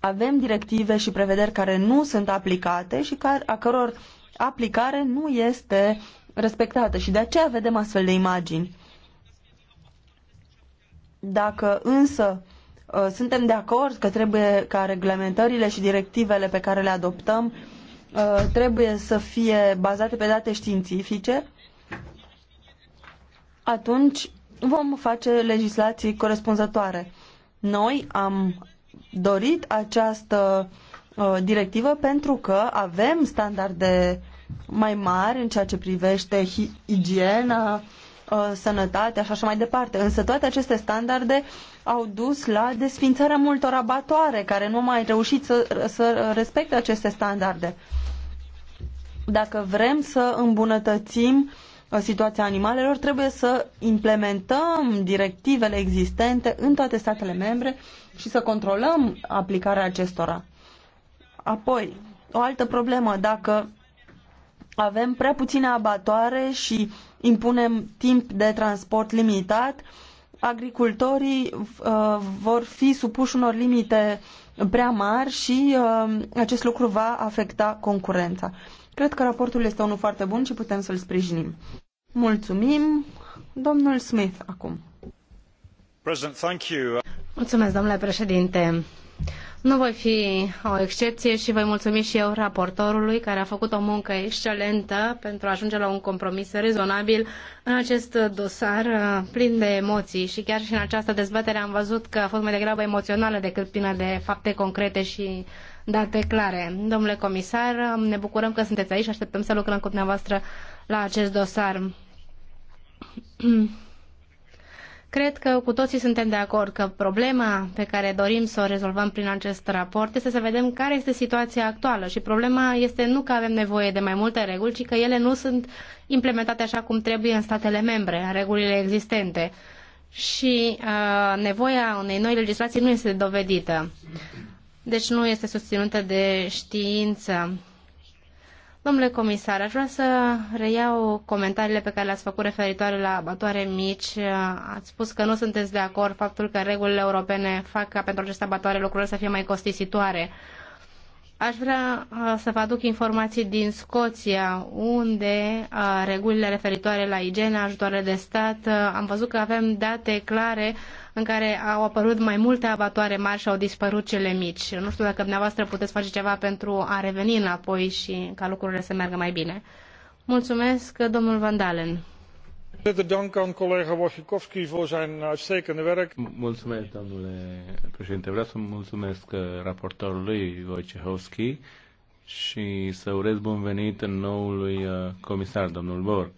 Avem directive și prevederi care nu sunt aplicate și care, a căror aplicare nu este respectată și de aceea vedem astfel de imagini. Dacă însă Uh, suntem de acord că trebuie ca reglementările și directivele pe care le adoptăm uh, trebuie să fie bazate pe date științifice, atunci vom face legislații corespunzătoare. Noi am dorit această uh, directivă pentru că avem standarde mai mari în ceea ce privește higiena, Uh, așa și așa mai departe. Însă toate aceste standarde au dus la desfințarea multor abatoare care nu au mai reușit să, să respecte aceste standarde. Dacă vrem să îmbunătățim uh, situația animalelor, trebuie să implementăm directivele existente în toate statele membre și să controlăm aplicarea acestora. Apoi, o altă problemă, dacă avem prea puține abatoare și impunem timp de transport limitat, agricultorii uh, vor fi supuși unor limite prea mari și uh, acest lucru va afecta concurența. Cred că raportul este unul foarte bun și putem să-l sprijinim. Mulțumim. Domnul Smith acum. Mulțumesc, domnule președinte. Nu voi fi o excepție și voi mulțumi și eu raportorului care a făcut o muncă excelentă pentru a ajunge la un compromis rezonabil în acest dosar uh, plin de emoții și chiar și în această dezbatere am văzut că a fost mai degrabă emoțională decât plină de fapte concrete și date clare. Domnule comisar, um, ne bucurăm că sunteți aici și așteptăm să lucrăm cu dumneavoastră la acest dosar. Cred că cu toții suntem de acord că problema pe care dorim să o rezolvăm prin acest raport este să vedem care este situația actuală și problema este nu că avem nevoie de mai multe reguli, ci că ele nu sunt implementate așa cum trebuie în statele membre, în regulile existente. Și uh, nevoia unei noi legislații nu este dovedită. Deci nu este susținută de știință. Domnule comisar, aș vrea să reiau comentariile pe care le-ați făcut referitoare la abatoare mici. Ați spus că nu sunteți de acord faptul că regulile europene fac ca pentru aceste abatoare lucrurile să fie mai costisitoare. Aș vrea să vă aduc informații din Scoția, unde regulile referitoare la igienă, ajutoare de stat, am văzut că avem date clare în care au apărut mai multe abatoare mari și au dispărut cele mici. Nu știu dacă dumneavoastră puteți face ceva pentru a reveni înapoi și ca lucrurile să meargă mai bine. Mulțumesc, domnul Vandalen. Mulțumesc, domnule președinte. Vreau să mulțumesc uh, raportorului Wojciechowski și să urez bun venit în noului uh, comisar, domnul Borg.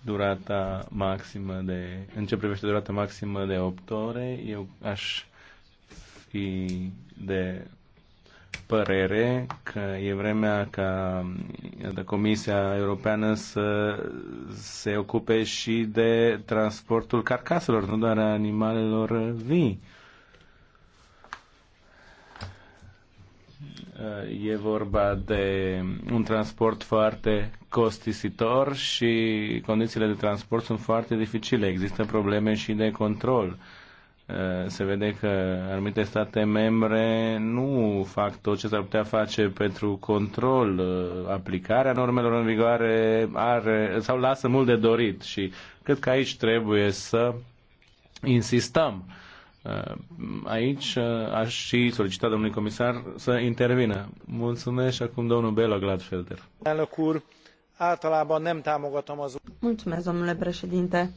Durata maximă de, în ce privește durata maximă de 8 ore, eu aș fi de părere că e vremea ca Comisia Europeană să se ocupe și de transportul carcaselor, nu doar a animalelor vii. E vorba de un transport foarte costisitor și condițiile de transport sunt foarte dificile. Există probleme și de control Eh, se vede că anumite state membre nu fac tot ce s-ar putea face pentru control. Eh, aplicarea normelor în vigoare are, sau lasă mult de dorit și cred că aici trebuie să insistăm. Eh, aici aș și solicita domnului comisar să intervină. Mulțumesc și acum domnul Bela Gladfelder. Mulțumesc, domnule președinte.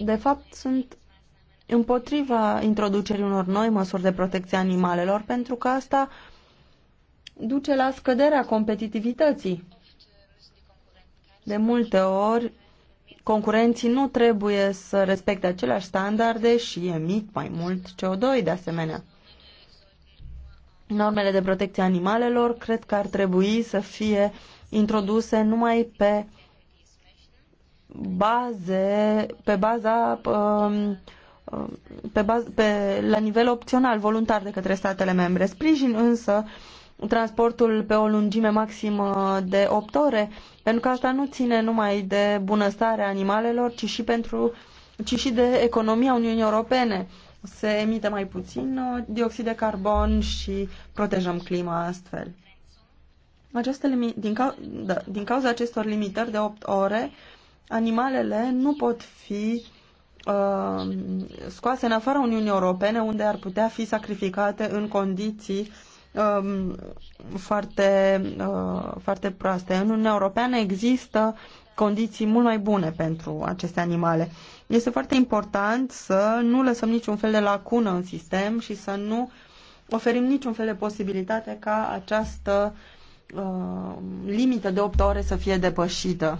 De fapt, sunt împotriva introducerii unor noi măsuri de protecție animalelor, pentru că asta duce la scăderea competitivității. De multe ori, concurenții nu trebuie să respecte aceleași standarde și emit mai mult CO2 de asemenea. Normele de protecție animalelor cred că ar trebui să fie introduse numai pe baze, pe baza uh, Uh, pe, baz, pe, la nivel opțional, voluntar de către statele membre. Sprijin însă transportul pe o lungime maximă de 8 ore, pentru că asta nu ține numai de bunăstarea animalelor, ci și, pentru, ci și de economia Uniunii Europene. Se emite mai puțin uh, dioxid de carbon și protejăm clima astfel. Aceste din, cau da, din cauza acestor limitări de 8 ore, animalele nu pot fi uh, Uh, scoase în afara Uniunii Europene, unde ar putea fi sacrificate în condiții um, foarte, uh, foarte proaste. În Uniunea Europeană există condiții mult mai bune pentru aceste animale. Este foarte important să nu lăsăm niciun fel de lacună în sistem și să nu oferim niciun fel de posibilitate ca această uh, limită de 8 ore să fie depășită.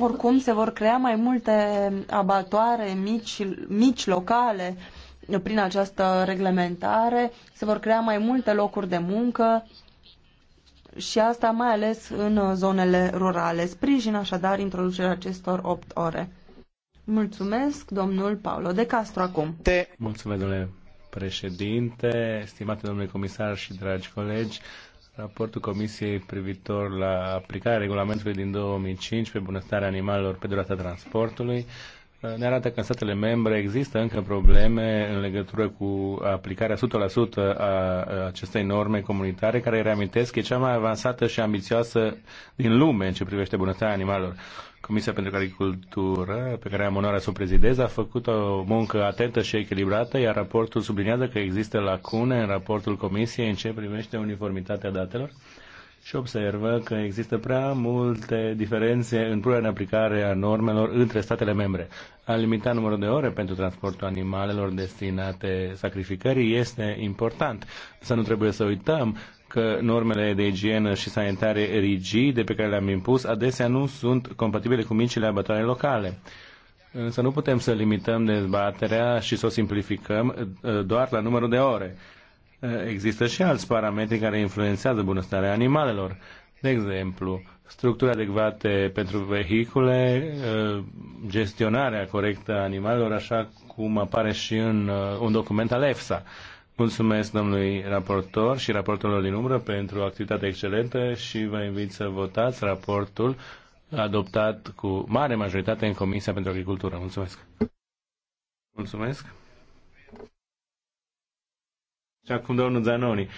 Oricum, se vor crea mai multe abatoare mici, mici locale prin această reglementare, se vor crea mai multe locuri de muncă și asta mai ales în zonele rurale. Sprijin așadar introducerea acestor 8 ore. Mulțumesc, domnul Paolo de Castro, acum. Mulțumesc, domnule președinte, stimate domnule comisar și dragi colegi raportul Comisiei privitor la aplicarea regulamentului din 2005 pe bunăstarea animalelor pe durata transportului ne arată că în statele membre există încă probleme în legătură cu aplicarea 100% a acestei norme comunitare, care reamintesc e cea mai avansată și ambițioasă din lume în ce privește bunăstarea animalelor. Comisia pentru Agricultură, pe care am onoarea să o prezidez, a făcut o muncă atentă și echilibrată, iar raportul subliniază că există lacune în raportul Comisiei în ce privește uniformitatea datelor și observă că există prea multe diferențe în punerea în aplicare a normelor între statele membre. A limita numărul de ore pentru transportul animalelor destinate sacrificării este important, să nu trebuie să uităm că normele de igienă și sanitare rigide pe care le-am impus adesea nu sunt compatibile cu micile abătoare locale. Însă nu putem să limităm dezbaterea și să o simplificăm uh, doar la numărul de ore. Uh, există și alți parametri care influențează bunăstarea animalelor. De exemplu, structuri adecvate pentru vehicule, uh, gestionarea corectă a animalelor, așa cum apare și în un document al EFSA. Mulțumesc domnului raportor și raportorilor din umbră pentru activitatea excelentă și vă invit să votați raportul adoptat cu mare majoritate în Comisia pentru Agricultură. Mulțumesc! Mulțumesc! Și acum domnul Zanoni.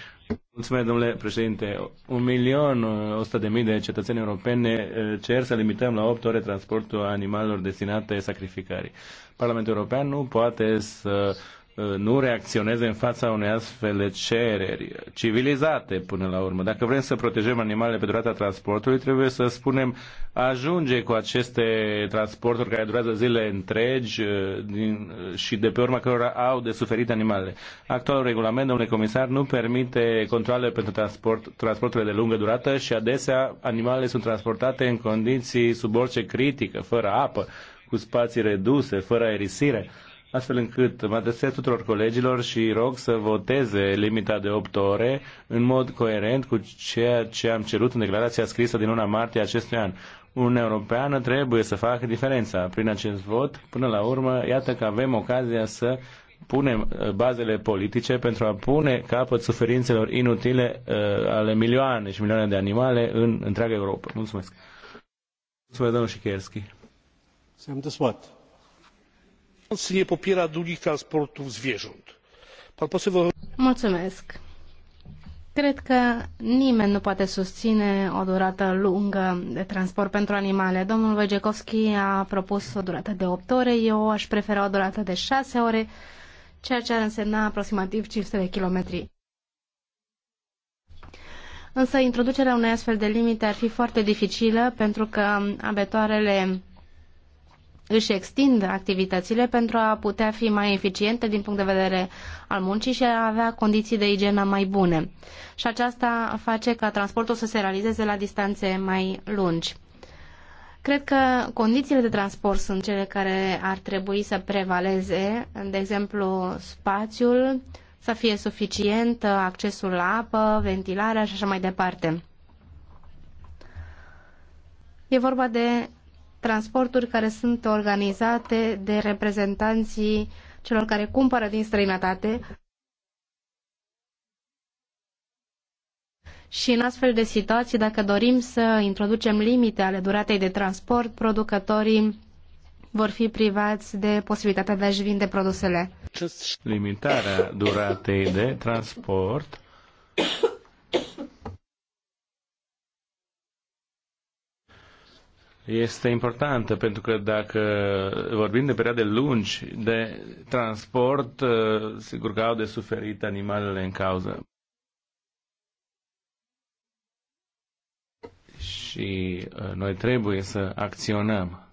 Mulțumesc, domnule președinte. Un milion, uh, o de mii de cetățeni europene uh, cer să limităm la 8 ore transportul animalelor destinate sacrificării. Parlamentul European nu poate să Uh, nu reacționeze în fața unei astfel de cereri civilizate până la urmă. Dacă vrem să protejăm animalele pe durata transportului, trebuie să spunem ajunge cu aceste transporturi care durează zile întregi uh, din, uh, și de pe urma cărora au de suferit animalele. Actualul regulament, domnule comisar, nu permite controle pentru transport, transporturile de lungă durată și adesea animalele sunt transportate în condiții sub orice critică, fără apă, cu spații reduse, fără aerisire astfel încât mă adresez tuturor colegilor și rog să voteze limita de 8 ore în mod coerent cu ceea ce am cerut în declarația scrisă din luna martie acestui an. Uniunea Europeană trebuie să facă diferența. Prin acest vot, până la urmă, iată că avem ocazia să punem uh, bazele politice pentru a pune capăt suferințelor inutile uh, ale milioane și milioane de animale în întreaga Europa. Mulțumesc. Mulțumesc, domnul Șichierski. Să am nie popiera długich transportów zwierząt. Cred că nimeni nu poate susține o durată lungă de transport pentru animale. Domnul Wojciechowski a propus o durată de 8 ore, eu aș prefera o durată de 6 ore, ceea ce ar însemna aproximativ 500 de kilometri. Însă introducerea unei astfel de limite ar fi foarte dificilă pentru că abetoarele își extind activitățile pentru a putea fi mai eficiente din punct de vedere al muncii și a avea condiții de igienă mai bune. Și aceasta face ca transportul să se realizeze la distanțe mai lungi. Cred că condițiile de transport sunt cele care ar trebui să prevaleze, de exemplu spațiul, să fie suficient, accesul la apă, ventilarea și așa mai departe. E vorba de transporturi care sunt organizate de reprezentanții celor care cumpără din străinătate și în astfel de situații, dacă dorim să introducem limite ale duratei de transport, producătorii vor fi privați de posibilitatea de a-și vinde produsele. Limitarea duratei de transport este importantă, pentru că dacă vorbim de perioade lungi de transport, uh, sigur că au de suferit animalele în cauză. Și uh, noi trebuie să acționăm.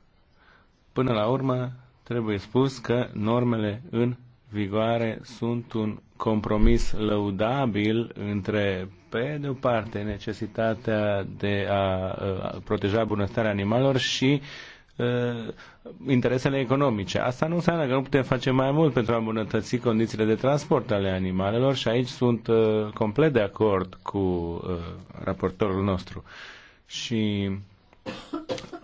Până la urmă, trebuie spus că normele în vigoare sunt un compromis lăudabil între, pe de o parte, necesitatea de a proteja bunăstarea animalelor și interesele economice. Asta nu înseamnă că nu putem face mai mult pentru a îmbunătăți condițiile de transport ale animalelor și aici sunt complet de acord cu raportorul nostru. Și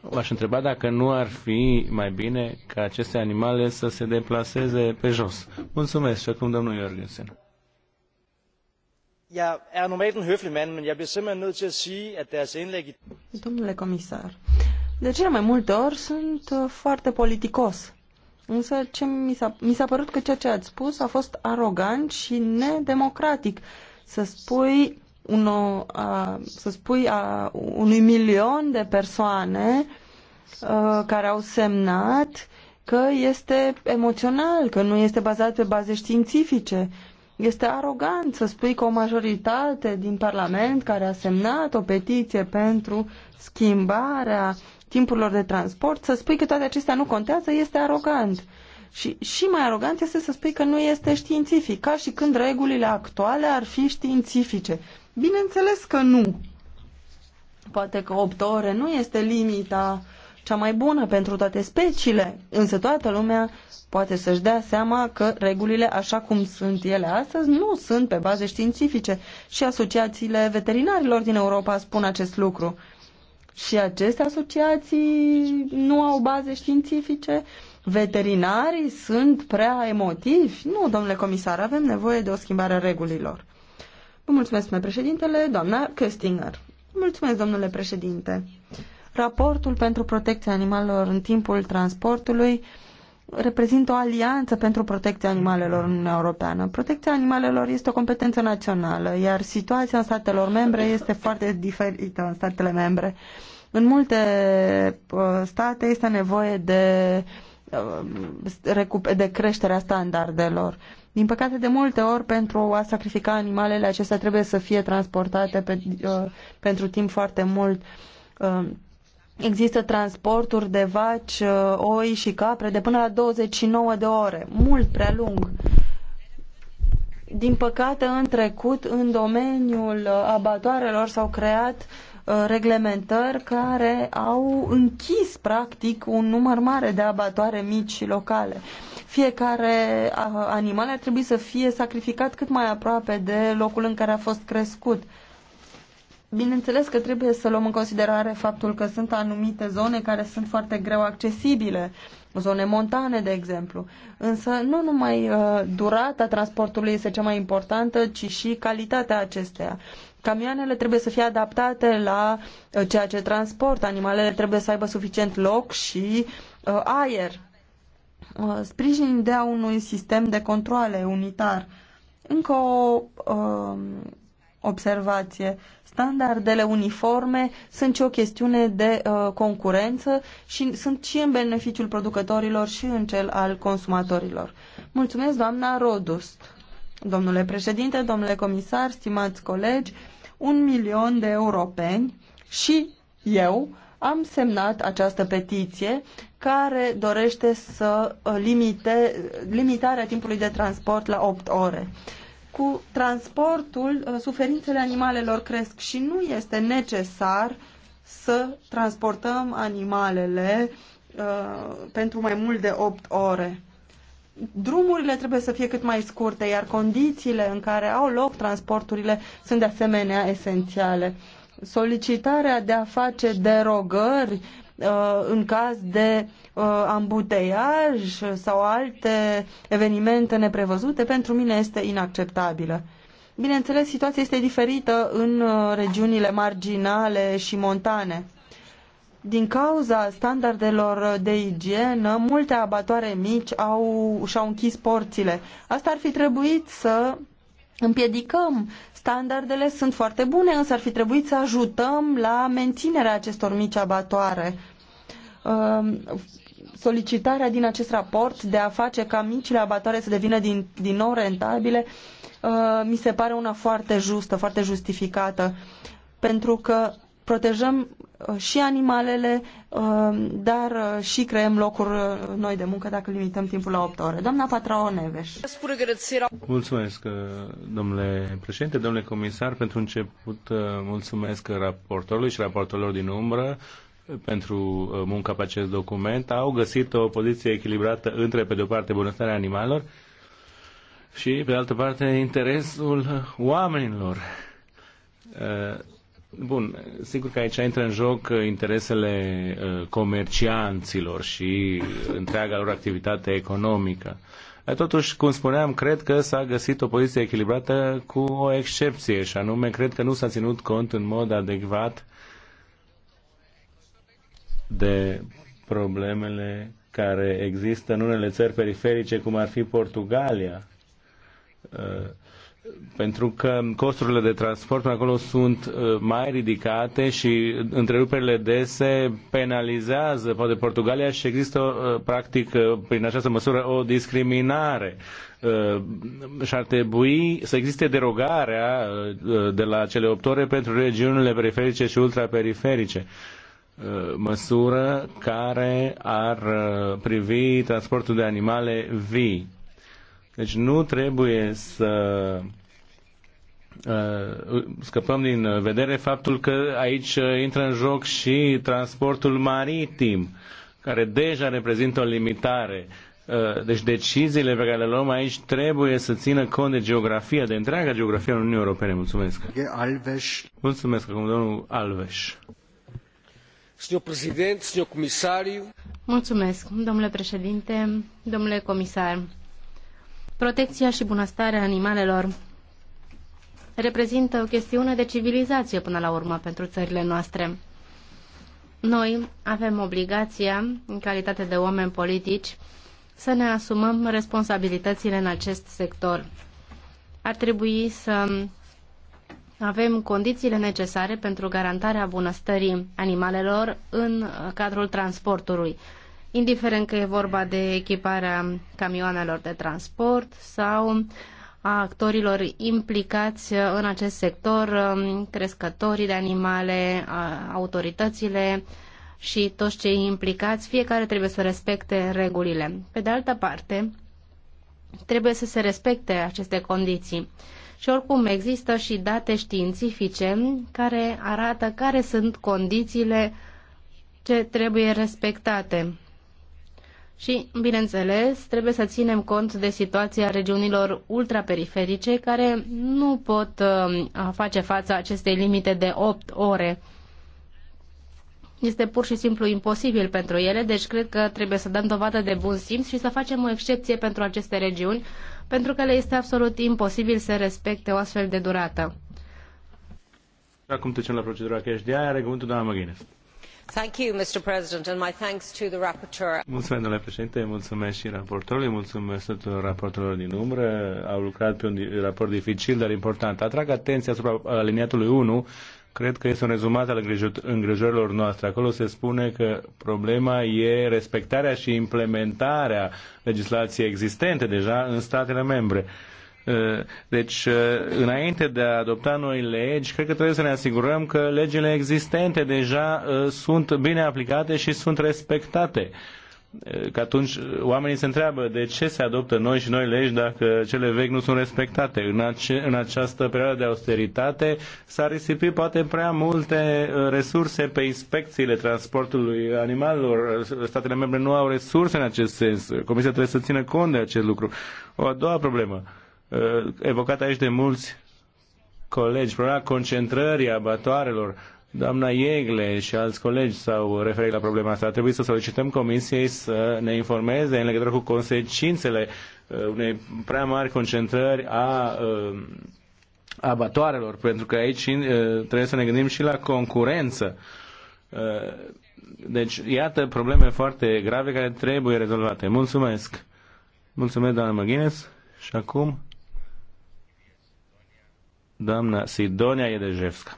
v-aș întreba dacă nu ar fi mai bine ca aceste animale să se deplaseze pe jos. Mulțumesc și acum domnul Jorgensen. Jeg er, er normalt en høflig mand, men jeg bliver simpelthen nødt til at sige, at deres indlæg... Domnule comisar, de cele mai multe ori sunt uh, foarte politicos. Însă ce mi, s-a, mi s-a părut că ceea ce ați spus a fost arogant și nedemocratic. Să spui uno, uh, să spui, a unui milion de persoane uh, care au semnat că este emoțional, că nu este bazat pe baze științifice. Este arogant să spui că o majoritate din Parlament care a semnat o petiție pentru schimbarea timpurilor de transport, să spui că toate acestea nu contează, este arogant. Și, și mai arogant este să spui că nu este științific, ca și când regulile actuale ar fi științifice. Bineînțeles că nu. Poate că 8 ore nu este limita cea mai bună pentru toate speciile, însă toată lumea poate să-și dea seama că regulile așa cum sunt ele astăzi nu sunt pe baze științifice și asociațiile veterinarilor din Europa spun acest lucru. Și aceste asociații nu au baze științifice, veterinarii sunt prea emotivi. Nu, domnule comisar, avem nevoie de o schimbare a regulilor. Vă mulțumesc, domnule președintele, doamna Köstinger. Mulțumesc, domnule președinte. Raportul pentru protecția animalelor în timpul transportului reprezintă o alianță pentru protecția animalelor în Uniunea Europeană. Protecția animalelor este o competență națională, iar situația în statelor membre este foarte diferită în statele membre. În multe uh, state este nevoie de, uh, de creșterea standardelor. Din păcate, de multe ori, pentru a sacrifica animalele acestea trebuie să fie transportate pe, uh, pentru timp foarte mult. Uh, există transporturi de vaci, uh, oi și capre de până la 29 de ore, mult prea lung. Din păcate, în trecut, în domeniul uh, abatoarelor s-au creat Uh, reglementări care au închis practic un număr mare de abatoare mici și locale. Fiecare uh, animal ar trebui să fie sacrificat cât mai aproape de locul în care a fost crescut. Bineînțeles că trebuie să luăm în considerare faptul că sunt anumite zone care sunt foarte greu accesibile, zone montane, de exemplu. Însă nu numai uh, durata transportului este cea mai importantă, ci și calitatea acesteia. Camioanele trebuie să fie adaptate la uh, ceea ce transport, animalele trebuie să aibă suficient loc și uh, aer. Uh, sprijin ideea unui sistem de controle unitar. Încă o um, observație. Standardele uniforme sunt și o chestiune de uh, concurență și sunt și în beneficiul producătorilor și în cel al consumatorilor. Mulțumesc, doamna Rodust. Domnule președinte, domnule comisar, stimați colegi, un milion de europeni și eu am semnat această petiție care dorește să uh, limite limitarea timpului de transport la 8 ore. Cu transportul, uh, suferințele animalelor cresc și nu este necesar să transportăm animalele uh, pentru mai mult de 8 ore drumurile trebuie să fie cât mai scurte, iar condițiile în care au loc transporturile sunt de asemenea esențiale. Solicitarea de a face derogări uh, în caz de uh, ambuteiaj sau alte evenimente neprevăzute, pentru mine este inacceptabilă. Bineînțeles, situația este diferită în uh, regiunile marginale și montane din cauza standardelor de igienă, multe abatoare mici au, și-au închis porțile. Asta ar fi trebuit să împiedicăm. Standardele sunt foarte bune, însă ar fi trebuit să ajutăm la menținerea acestor mici abatoare. Um, solicitarea din acest raport de a face ca micile abatoare să devină din, din nou rentabile uh, mi se pare una foarte justă, foarte justificată, pentru că protejăm Uh, și animalele, uh, dar uh, și creăm locuri noi de muncă dacă limităm timpul la 8 ore. Doamna Patrao Neveș. Mulțumesc, domnule președinte, domnule comisar. Pentru început, mulțumesc raportorului și raportorilor din umbră pentru munca pe acest document. Au găsit o poziție echilibrată între, pe de o parte, bunăstarea animalelor și, pe de altă parte, interesul oamenilor Bun, sigur că aici intră în joc uh, interesele uh, comercianților și întreaga lor activitate economică. totuși, cum spuneam, cred că s-a găsit o poziție echilibrată cu o excepție și anume cred că nu s-a ținut cont în mod adecvat de problemele care există în unele țări periferice, cum ar fi Portugalia. Uh, pentru că costurile de transport acolo sunt uh, mai ridicate și întreruperile dese penalizează poate Portugalia și există uh, practic uh, prin această măsură o discriminare și ar trebui să existe derogarea de la cele 8 ore pentru regiunile periferice și ultraperiferice măsură care ar privi transportul de animale vii deci nu trebuie să uh, scăpăm din vedere faptul că aici uh, intră în joc și transportul maritim, care deja reprezintă o limitare. Uh, deci deciziile pe care le luăm aici trebuie să țină cont de geografia, de întreaga geografie a Uniunii Europene. Mulțumesc. Alves. Mulțumesc, acum domnul Alves. Mulțumesc, domnule președinte, domnule comisar. Protecția și bunăstarea animalelor reprezintă o chestiune de civilizație până la urmă pentru țările noastre. Noi avem obligația, în calitate de oameni politici, să ne asumăm responsabilitățile în acest sector. Ar trebui să avem condițiile necesare pentru garantarea bunăstării animalelor în cadrul transportului indiferent că e vorba de echiparea camioanelor de transport sau a actorilor implicați în acest sector, um, crescătorii de animale, autoritățile și toți cei implicați, fiecare trebuie să respecte regulile. Pe de altă parte, trebuie să se respecte aceste condiții. Și oricum există și date științifice care arată care sunt condițiile ce trebuie respectate. Și, bineînțeles, trebuie să ținem cont de situația regiunilor ultraperiferice care nu pot uh, face față acestei limite de 8 ore. Este pur și simplu imposibil pentru ele, deci cred că trebuie să dăm dovadă de bun simț și să facem o excepție pentru aceste regiuni, pentru că le este absolut imposibil să respecte o astfel de durată. Acum trecem la procedura cash de aia, are doamna Mr. President, my thanks to the rapporteur. Mulțumesc, domnule președinte, mulțumesc și raportorului, mulțumesc tuturor raportorilor din umbră. Au lucrat pe un raport dificil, dar important. Atrag atenția asupra aliniatului unu. cred că este un rezumat al îngrijorărilor noastre. Acolo se spune că problema e respectarea și implementarea legislației existente deja în statele membre. Eh, deci, eh, înainte de a adopta noi legi, cred că trebuie să ne asigurăm că legile existente deja eh, sunt bine aplicate și sunt respectate că atunci oamenii se întreabă de ce se adoptă noi și noi legi dacă cele vechi nu sunt respectate. În, ace- în această perioadă de austeritate s-a risipit poate prea multe resurse pe inspecțiile transportului animalelor. Statele membre nu au resurse în acest sens. Comisia trebuie să țină cont de acest lucru. O a doua problemă. Uh, Uh, evocat aici de mulți colegi, problema concentrării abatoarelor, Doamna Iegle și alți colegi s-au referit la problema asta. Trebuie să solicităm Comisiei să ne informeze în legătură cu consecințele uh, unei prea mari concentrări a uh, abatoarelor, pentru că aici trebuie să ne gândim și la concurență. Deci, iată probleme foarte grave care trebuie rezolvate. Mulțumesc! Mulțumesc, doamna McGuinness. Și acum Doamna Sidonia Iedejevska.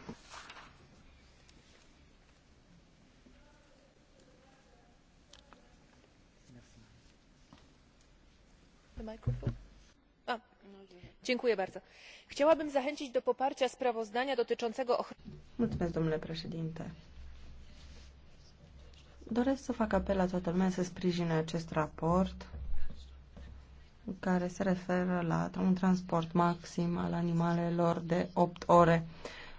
chciałabym zachęcić do poparcia sprawozdania dotyczącego ochrony. doresc să fac apel la toată lumea să sprijine acest raport care se referă la un transport maxim al animalelor de 8 ore.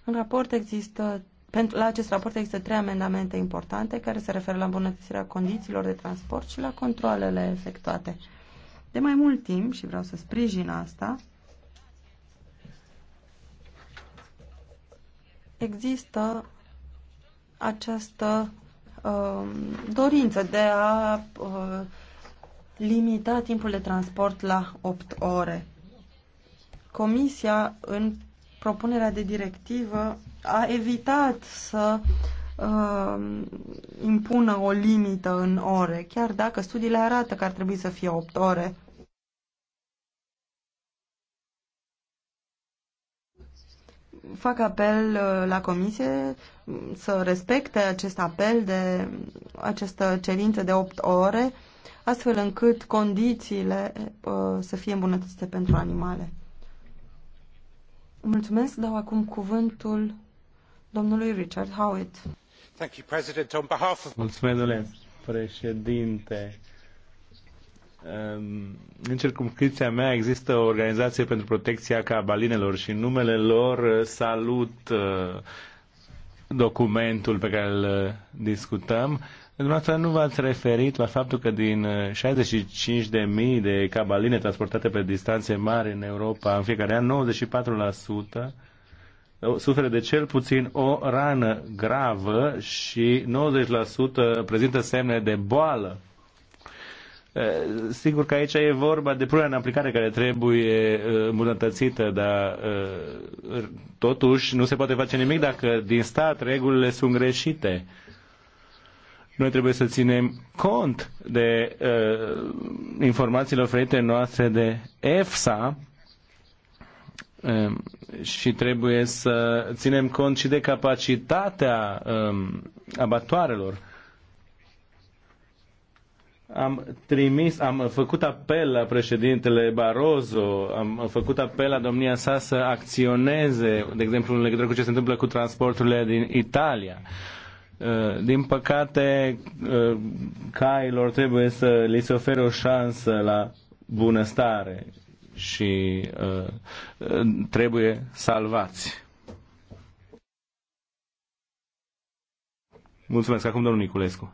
În raport există pentru, la acest raport există trei amendamente importante care se referă la îmbunătățirea condițiilor de transport și la controlele efectuate. De mai mult timp, și vreau să sprijin asta, există această uh, dorință de a uh, limita timpul de transport la 8 ore. Comisia, în propunerea de directivă, a evitat să uh, impună o limită în ore, chiar dacă studiile arată că ar trebui să fie 8 ore. fac apel uh, la comisie mm, să respecte acest apel de această cerință de 8 ore astfel încât condițiile uh, să fie îmbunătățite pentru animale. Mulțumesc, dau acum cuvântul domnului Richard Howitt. Thank you, President. On behalf of... Mulțumesc, domnule președinte. Um, în circumscripția mea există o organizație pentru protecția cabalinelor și numele lor uh, salut uh, documentul pe care îl uh, discutăm, dumneavoastră nu v-ați referit la faptul că din 65.000 uh, de cabaline transportate pe distanțe mari în Europa în fiecare an, 94% uh, suferă de cel puțin o rană gravă și 90% prezintă semne de boală Eh, sigur că aici e vorba de punerea în aplicare care trebuie eh, îmbunătățită, dar eh, totuși nu se poate face nimic dacă din stat regulile sunt greșite. Noi trebuie să ținem cont de uh, informațiile oferite noastre de EFSA uh, și trebuie să ținem cont și de capacitatea uh, abatoarelor am trimis, am făcut apel la președintele Barroso, am făcut apel la domnia sa să acționeze, de exemplu, în legătură cu ce se întâmplă cu transporturile din Italia. Uh, din păcate, uh, cailor trebuie să li se ofere o șansă la bunăstare și uh, trebuie salvați. Mulțumesc. Acum domnul Niculescu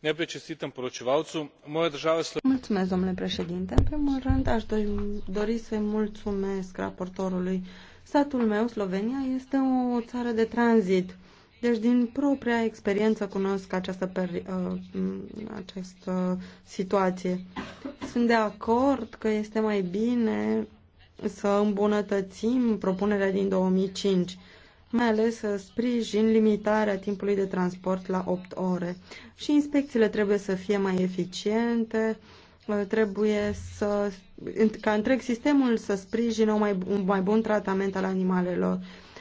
nepricisităm poročevalcu. Moja država Mulțumesc, domnule președinte. În primul rând, aș dori să-i mulțumesc raportorului. Satul meu, Slovenia, este o țară de tranzit deci, din propria experiență cunosc această, peri, uh, această situație. Sunt de acord că este mai bine să îmbunătățim propunerea din 2005, mai ales să sprijin limitarea timpului de transport la 8 ore. Și inspecțiile trebuie să fie mai eficiente, uh, trebuie să, ca întreg sistemul să sprijină un mai, un mai bun tratament al animalelor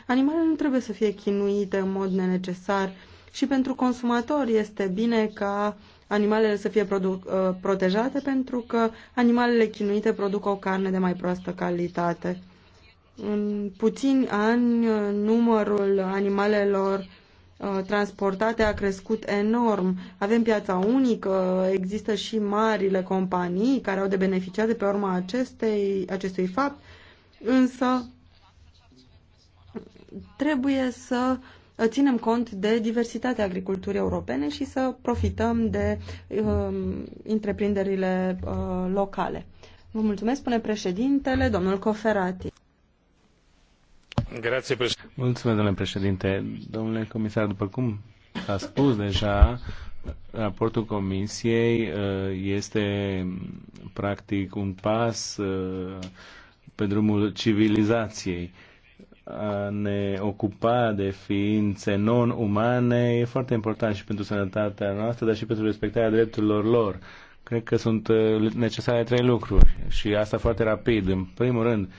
Animalele nu trebuie să fie chinuite în mod nenecesar și pentru consumatori este bine ca animalele să fie uh, protejate pentru că animalele chinuite produc o carne de mai proastă calitate. În puțini ani, numărul animalelor uh, transportate a crescut enorm. Avem piața unică, există și marile companii care au de beneficiat de pe urma acestei, acestui fapt, însă trebuie să ținem cont de diversitatea agriculturii europene și să profităm de uh, întreprinderile uh, locale. Vă mulțumesc, spune președintele, domnul Coferati. Grazie, președinte. Mulțumesc, domnule președinte. Domnule comisar, după cum a spus deja, raportul comisiei uh, este practic un pas uh, pe drumul civilizației a ne ocupa de ființe non-umane e foarte important și pentru sănătatea noastră, dar și pentru respectarea drepturilor lor. Cred că sunt uh, necesare trei lucruri și asta foarte rapid. În primul rând,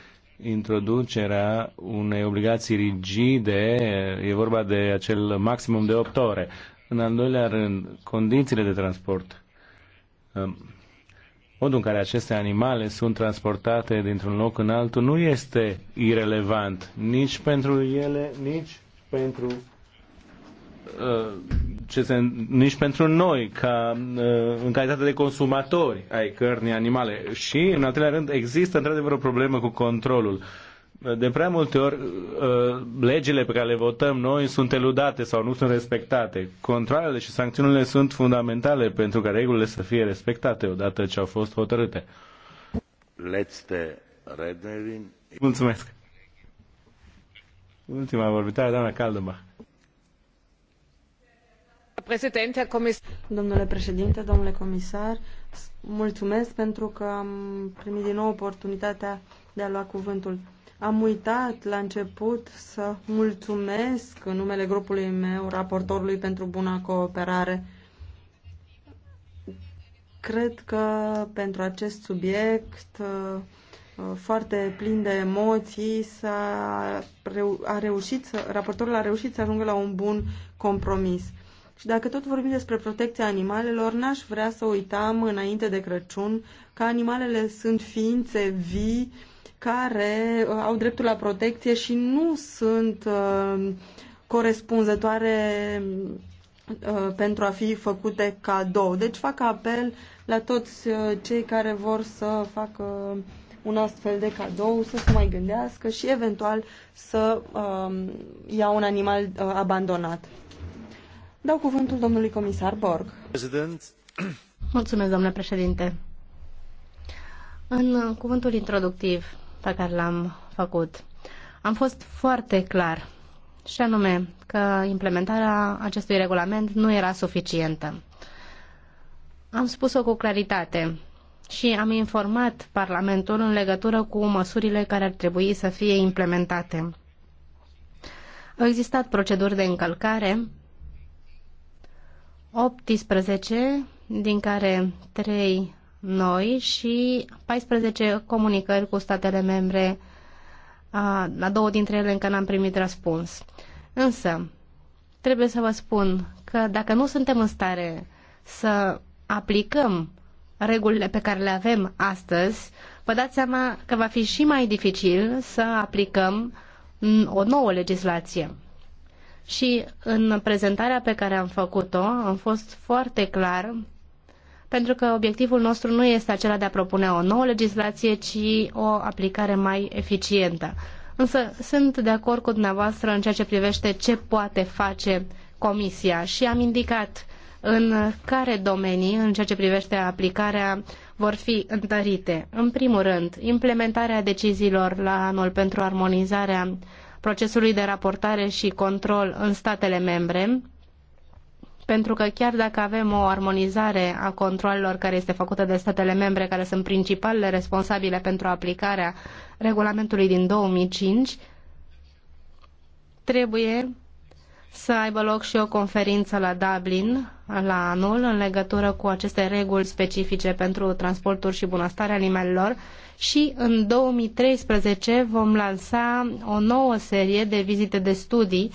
introducerea unei obligații rigide, e vorba de acel maximum de 8 ore. În al doilea rând, condițiile de transport. Um, modul în care aceste animale sunt transportate dintr-un loc în altul nu este irelevant nici pentru ele, nici pentru uh, ce se, nici pentru noi ca uh, în calitate de consumatori ai cărnii animale. Și, în al treilea rând, există într-adevăr o problemă cu controlul. Uh, de prea multe ori uh, legile pe care le votăm noi sunt eludate sau nu sunt respectate. Controlele și sancțiunile sunt fundamentale pentru ca regulile să fie respectate odată ce au fost hotărâte. Letzte Rednerin. Mulțumesc. Ultima vorbitare, doamna Caldăbach. Domnule președinte, domnule comisar, mulțumesc pentru că am primit din nou oportunitatea de a lua cuvântul. Am uitat la început să mulțumesc în numele grupului meu raportorului pentru buna cooperare. Cred că pentru acest subiect uh, uh, foarte plin de emoții s-a, a reușit raportorul a reușit să ajungă la un bun compromis. Și dacă tot vorbim despre protecția animalelor, n-aș vrea să uitam înainte de Crăciun că animalele sunt ființe vii care uh, au dreptul la protecție și nu sunt uh, corespunzătoare uh, pentru a fi făcute cadou. Deci fac apel la toți cei care vor să facă un astfel de cadou, să se mai gândească și eventual să uh, ia un animal uh, abandonat. Dau cuvântul domnului comisar Borg. President. Mulțumesc, domnule președinte. În cuvântul introductiv pe care l-am făcut. Am fost foarte clar și anume că implementarea acestui regulament nu era suficientă. Am spus-o cu claritate și am informat Parlamentul în legătură cu măsurile care ar trebui să fie implementate. Au existat proceduri de încălcare, 18, din care 3 noi și 14 comunicări cu statele membre, la două dintre ele încă n-am primit răspuns. Însă, trebuie să vă spun că dacă nu suntem în stare să aplicăm regulile pe care le avem astăzi, vă dați seama că va fi și mai dificil să aplicăm o nouă legislație. Și în prezentarea pe care am făcut-o, am fost foarte clar pentru că obiectivul nostru nu este acela de a propune o nouă legislație, ci o aplicare mai eficientă. Însă sunt de acord cu dumneavoastră în ceea ce privește ce poate face Comisia și am indicat în care domenii, în ceea ce privește aplicarea, vor fi întărite. În primul rând, implementarea deciziilor la anul pentru armonizarea procesului de raportare și control în statele membre, pentru că chiar dacă avem o armonizare a controlelor care este făcută de statele membre, care sunt principalele responsabile pentru aplicarea regulamentului din 2005, trebuie să aibă loc și o conferință la Dublin la anul în legătură cu aceste reguli specifice pentru transportul și bunăstarea animalelor și în 2013 vom lansa o nouă serie de vizite de studii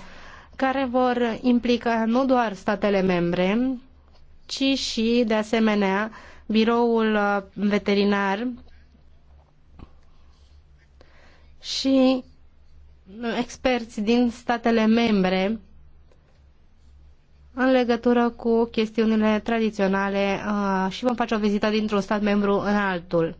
care vor implica nu doar statele membre, ci și, de asemenea, biroul uh, veterinar și uh, experți din statele membre în legătură cu chestiunile tradiționale uh, și vom face o vizită dintr-un stat membru în altul.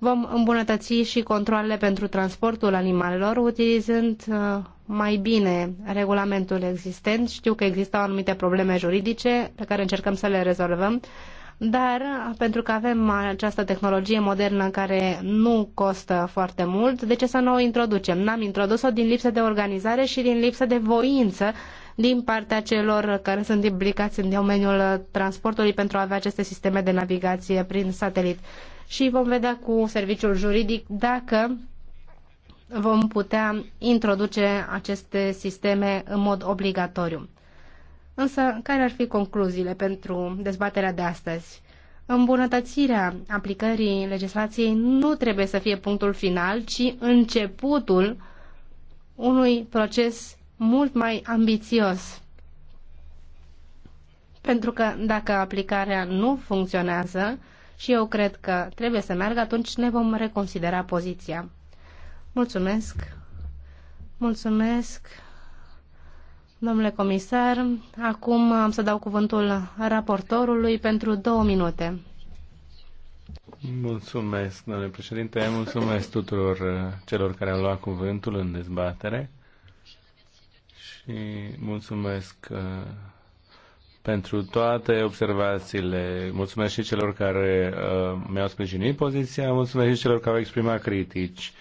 Vom îmbunătăți și controlele pentru transportul animalelor, utilizând uh, mai bine regulamentul existent. Știu că existau anumite probleme juridice pe care încercăm să le rezolvăm, dar uh, pentru că avem această tehnologie modernă care nu costă foarte mult, de ce să nu o introducem? N-am introdus-o din lipsă de organizare și din lipsă de voință din partea celor care sunt implicați în domeniul uh, transportului pentru a avea aceste sisteme de navigație prin satelit și vom vedea cu serviciul juridic dacă vom putea introduce aceste sisteme în mod obligatoriu. Însă, care ar fi concluziile pentru dezbaterea de astăzi? Îmbunătățirea aplicării legislației nu trebuie să fie punctul final, ci începutul unui proces mult mai ambițios. Pentru că dacă aplicarea nu funcționează, și eu cred că trebuie să meargă, atunci ne vom reconsidera poziția. Mulțumesc! Mulțumesc, domnule comisar. Acum am să dau cuvântul raportorului pentru două minute. Mulțumesc, domnule președinte, mulțumesc tuturor uh, celor care au luat cuvântul în dezbatere și mulțumesc uh, pentru toate observațiile. Mulțumesc și celor care uh, mi-au sprijinit poziția, mulțumesc și celor care au exprimat critici.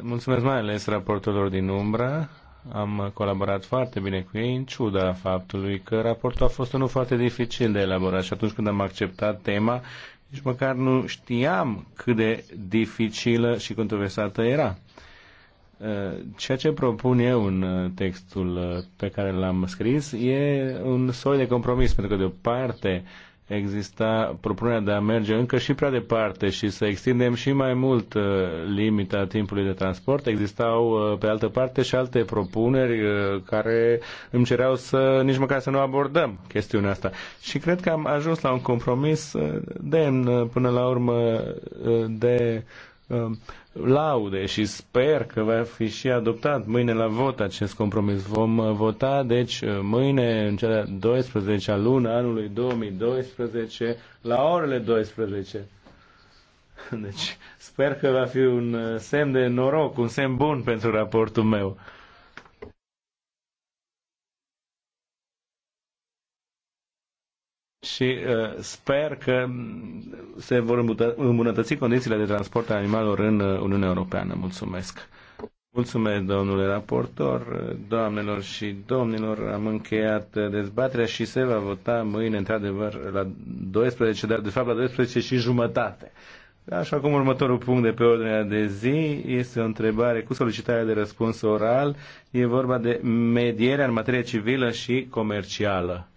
Mulțumesc mai ales raportorilor din umbra. Am colaborat foarte bine cu ei, în ciuda faptului că raportul a fost unul foarte dificil de elaborat și atunci când am acceptat tema, nici măcar nu știam cât de dificilă și controversată era. Eh, ceea ce propun eu în eh, textul eh, pe care l-am scris e un soi de compromis, pentru că de o parte exista propunerea de a merge încă și prea departe și să extindem și mai mult limita timpului de transport. Existau pe altă parte și alte propuneri care îmi cereau să nici măcar să nu abordăm chestiunea asta. Și cred că am ajuns la un compromis demn până la urmă de Um, laude și sper că va fi și adoptat mâine la vot acest compromis. Vom uh, vota, deci, uh, mâine, în cea de 12-a lună anului 2012, la orele 12. Deci, sper că va fi un uh, semn de noroc, un semn bun pentru raportul meu. și uh, sper că se vor îmbunătăți condițiile de transport a animalelor în uh, Uniunea Europeană. Mulțumesc! Mulțumesc, domnule raportor, doamnelor și domnilor, am încheiat uh, dezbaterea și se va vota mâine, într-adevăr, la 12, dar de fapt la 12 și jumătate. Așa cum următorul punct de pe ordinea de zi este o întrebare cu solicitarea de răspuns oral. E vorba de medierea în materie civilă și comercială.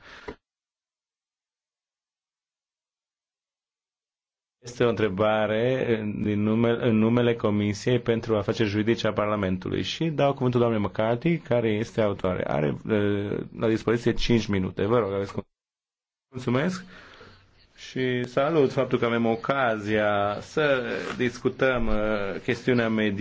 Este o întrebare din numele, în numele Comisiei pentru Afaceri Juridice a Parlamentului și dau cuvântul doamnei McCarthy, care este autoare. Are uh, la dispoziție 5 minute. Vă rog, aveți cuvântul. Mulțumesc și salut faptul că avem ocazia să discutăm uh, chestiunea mediei.